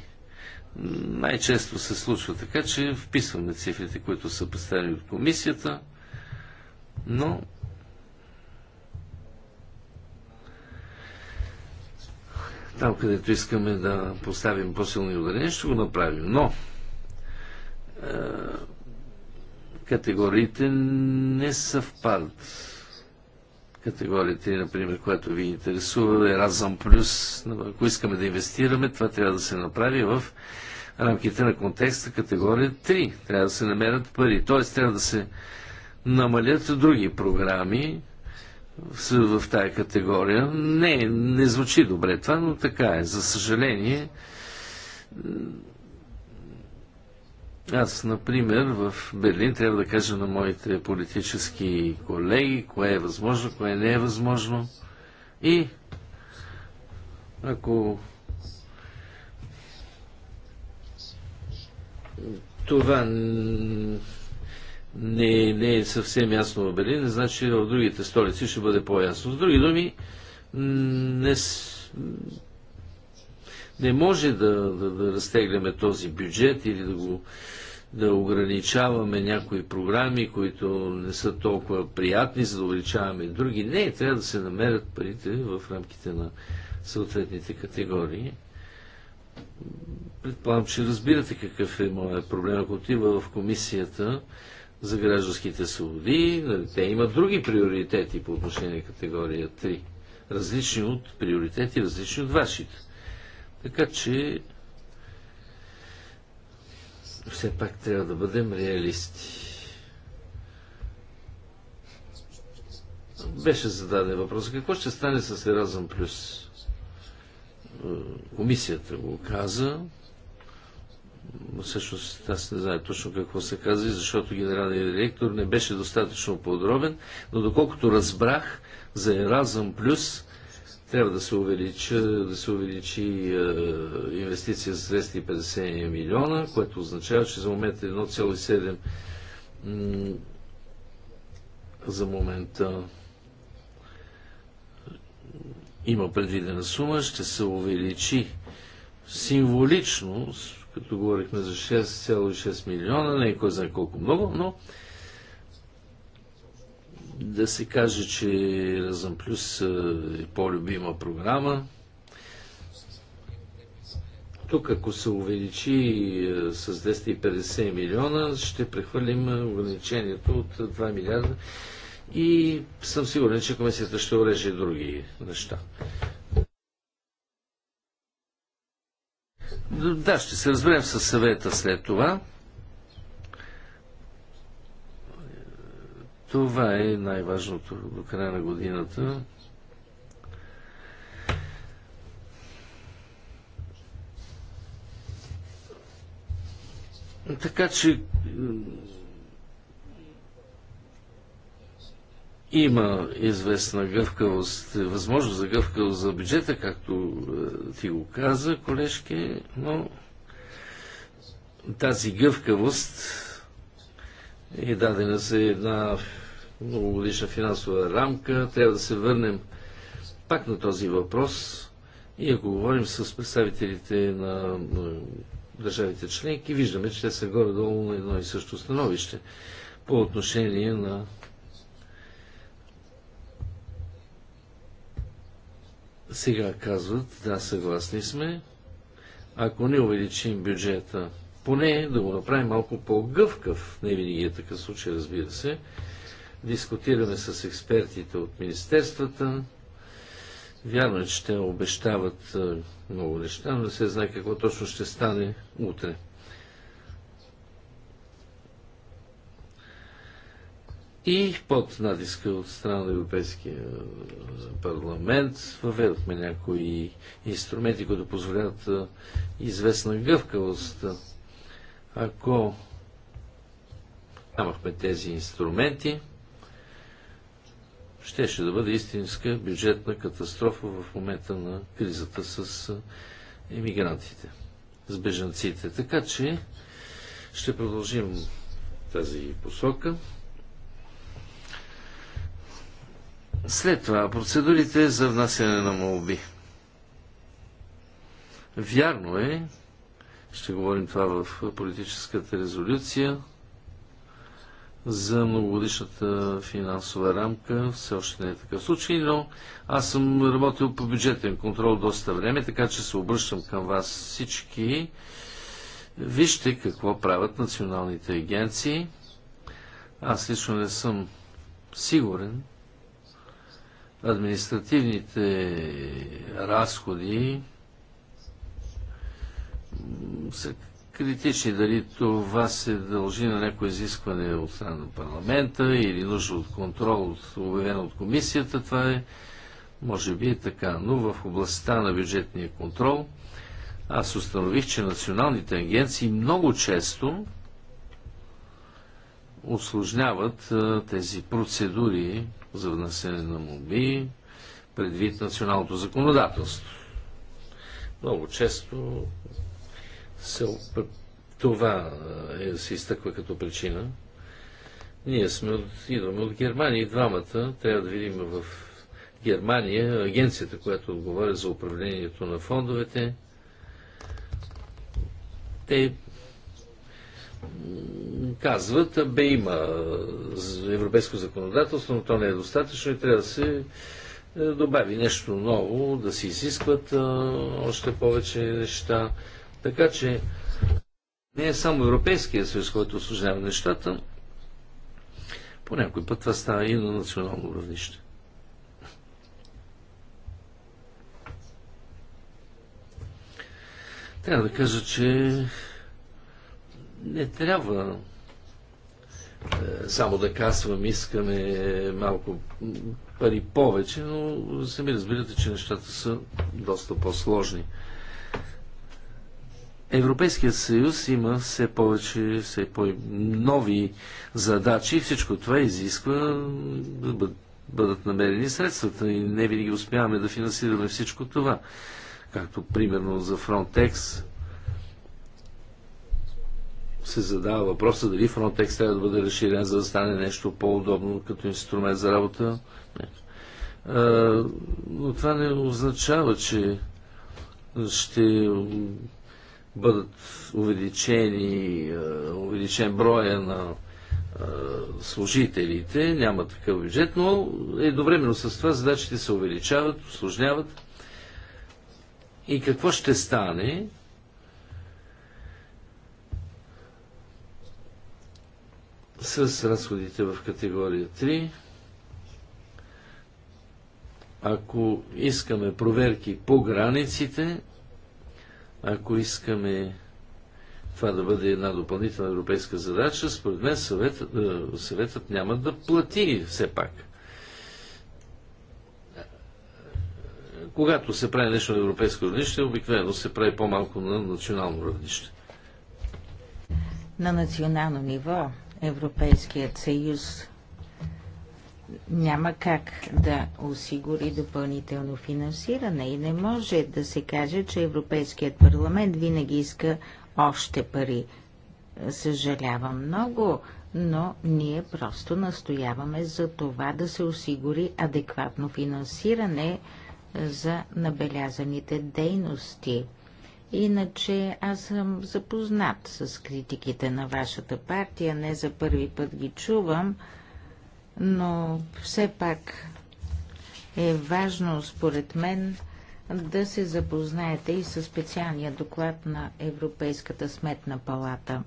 най-често се случва така, че вписваме цифрите, които са представени от комисията, но Там, където искаме да поставим по-силни ударения, ще го направим. Но е, категориите не съвпадат. Категориите, например, която ви интересува, Разъм е Плюс, ако искаме да инвестираме, това трябва да се направи в рамките на контекста категория 3. Трябва да се намерят пари. Т.е. трябва да се намалят други програми, са в тая категория. Не, не звучи добре това, но така е. За съжаление, аз, например, в Берлин трябва да кажа на моите политически колеги, кое е възможно, кое не е възможно. И ако това не, не е съвсем ясно в Берлин, значи в другите столици ще бъде по-ясно. С други думи, не, не може да, да, да разтегляме този бюджет или да го да ограничаваме някои програми, които не са толкова приятни, за да увеличаваме други. Не, трябва да се намерят парите в рамките на съответните категории. Предполагам, че разбирате какъв е моят проблем. Ако отива в комисията, за гражданските свободи, нали, те имат други приоритети по отношение на категория 3. Различни от приоритети, различни от вашите. Така че все пак трябва да бъдем реалисти. Беше зададен въпрос. Какво ще стане с Еразъм Плюс? Комисията го каза всъщност аз не знае точно какво се казва, защото генералният директор не беше достатъчно подробен, но доколкото разбрах за Еразъм Плюс, трябва да се увеличи, да се увеличи е, инвестиция за 250 милиона, което означава, че за момента 1,7 за момента има предвидена сума, ще се увеличи символично като говорихме за 6,6 милиона, не кой знае колко много, но да се каже, че Разъм Плюс е по-любима програма. Тук, ако се увеличи с 250 милиона, ще прехвърлим ограничението от 2 милиарда и съм сигурен, че комисията ще уреже и други неща. Да, ще се разберем със съвета след това. Това е най-важното до края на годината. Така че Има известна гъвкавост, възможност за гъвкавост за бюджета, както е, ти го каза, колежки, но тази гъвкавост е дадена за една многогодишна финансова рамка. Трябва да се върнем пак на този въпрос и ако говорим с представителите на държавите членки, виждаме, че те са горе-долу на едно и също становище по отношение на сега казват, да, съгласни сме, ако не увеличим бюджета, поне да го направим малко по-гъвкав, не винаги е такъв случай, разбира се, дискутираме с експертите от министерствата, Вярно е, че те обещават е, много неща, но не се знае какво точно ще стане утре. и под натиска от страна на Европейския е, парламент въведохме някои инструменти, които позволяват е, известна гъвкавост. Ако нямахме тези инструменти, щеше ще да бъде истинска бюджетна катастрофа в момента на кризата с е, емигрантите, с бежанците. Така че ще продължим тази посока. След това, процедурите за внасяне на молби. Вярно е, ще говорим това в политическата резолюция, за многогодишната финансова рамка. Все още не е такъв случай, но аз съм работил по бюджетен контрол доста време, така че се обръщам към вас всички. Вижте какво правят националните агенции. Аз лично не съм сигурен, административните разходи са критични. Дали това се дължи на някое изискване от страна на парламента или нужда от контрол, от, обявено от комисията, това е може би е така. Но в областта на бюджетния контрол аз установих, че националните агенции много често осложняват тези процедури за внасене на моби предвид националното законодателство. Много често се, това е, се изтъква като причина. Ние сме от, идваме от Германия и двамата трябва да видим в Германия агенцията, която отговаря за управлението на фондовете. Те казват, бе има европейско законодателство, но то не е достатъчно и трябва да се е, добави нещо ново, да се изискват още повече неща. Така че не е само Европейския съюз, който осложнява нещата. По някой път това става и на национално равнище. Трябва да кажа, че не трябва е, само да касвам, искаме малко пари повече, но сами разбирате, че нещата са доста по-сложни. Европейският съюз има все повече, все по-нови задачи и всичко това изисква да бъдат намерени средствата и не винаги успяваме да финансираме всичко това. Както примерно за Frontex, се задава въпроса дали Frontex трябва да бъде разширен, за да стане нещо по-удобно като инструмент за работа. Не. А, но това не означава, че ще бъдат увеличени, увеличен броя на служителите, няма такъв бюджет, но е едновременно с това задачите се увеличават, осложняват. И какво ще стане? с разходите в категория 3. Ако искаме проверки по границите, ако искаме това да бъде една допълнителна европейска задача, според мен съветът, е, съветът няма да плати все пак. Когато се прави нещо на европейско равнище, обикновено се прави по-малко на национално равнище. На национално ниво Европейският съюз няма как да осигури допълнително финансиране и не може да се каже, че Европейският парламент винаги иска още пари. Съжалявам много, но ние просто настояваме за това да се осигури адекватно финансиране за набелязаните дейности – Иначе аз съм запознат с критиките на вашата партия, не за първи път ги чувам, но все пак е важно, според мен, да се запознаете и със специалния доклад на Европейската сметна палата.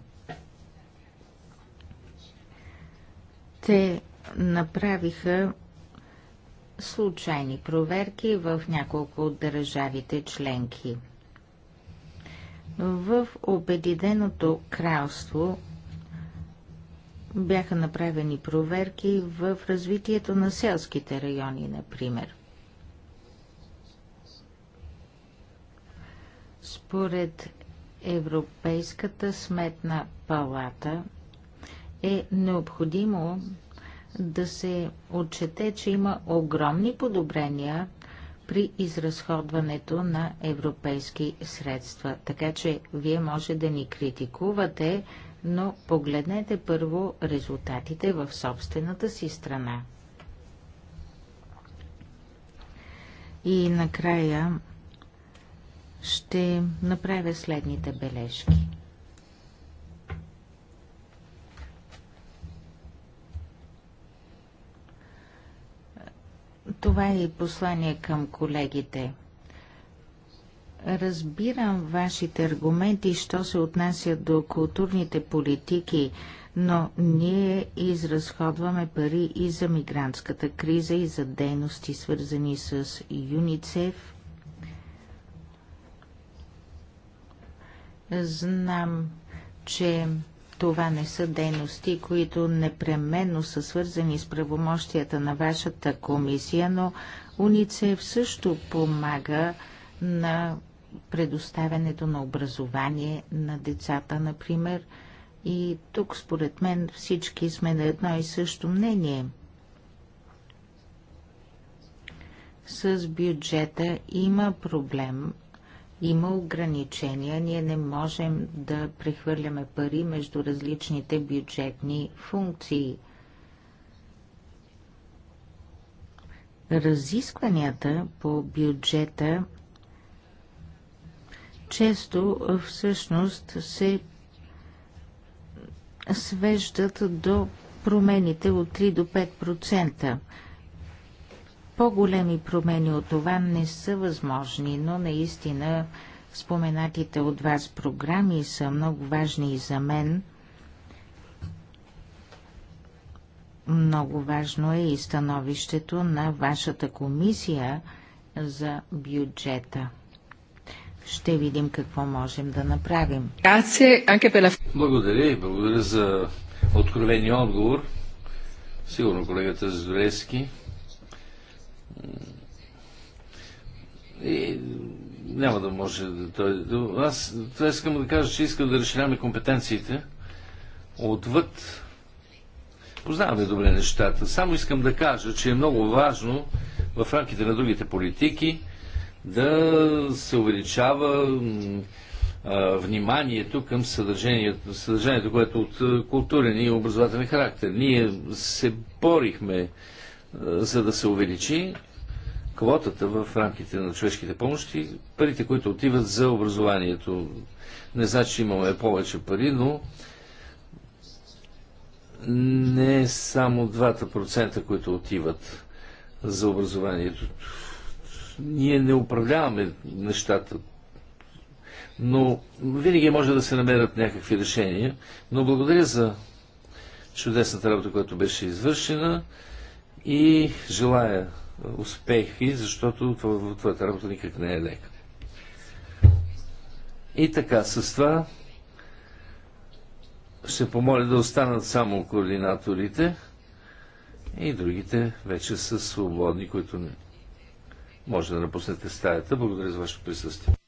Те направиха случайни проверки в няколко от държавите членки – в Обединеното кралство бяха направени проверки в развитието на селските райони, например. Според Европейската сметна палата е необходимо да се отчете, че има огромни подобрения при изразходването на европейски средства. Така че вие може да ни критикувате, но погледнете първо резултатите в собствената си страна. И накрая ще направя следните бележки. Това е и послание към колегите. Разбирам вашите аргументи, що се отнася до културните политики, но ние изразходваме пари и за мигрантската криза, и за дейности, свързани с ЮНИЦЕФ. Знам, че това не са дейности, които непременно са свързани с правомощията на вашата комисия, но УНИЦЕФ също помага на предоставянето на образование на децата, например. И тук, според мен, всички сме на едно и също мнение. С бюджета има проблем има ограничения. Ние не можем да прехвърляме пари между различните бюджетни функции. Разискванията по бюджета често всъщност се свеждат до промените от 3 до 5%. По-големи промени от това не са възможни, но наистина споменатите от вас програми са много важни и за мен. Много важно е и становището на вашата комисия за бюджета. Ще видим какво можем да направим. Благодаря и благодаря за откровения отговор. Сигурно колегата Здоревски. И няма да може да той... Аз това искам да кажа, че искам да разширяваме компетенциите отвъд. Познаваме добре нещата. Само искам да кажа, че е много важно в рамките на другите политики да се увеличава вниманието към съдържанието, съдържанието, което е от културен и образователен характер. Ние се борихме за да се увеличи квотата в рамките на човешките помощи, парите, които отиват за образованието. Не значи, че имаме повече пари, но не е само 2%, които отиват за образованието. Ние не управляваме нещата, но винаги може да се намерят някакви решения. Но благодаря за чудесната работа, която беше извършена и желая успехи, защото това, твоята работа никак не е лека. И така, с това ще помоля да останат само координаторите и другите вече са свободни, които не може да напуснете стаята. Благодаря за вашето присъствие.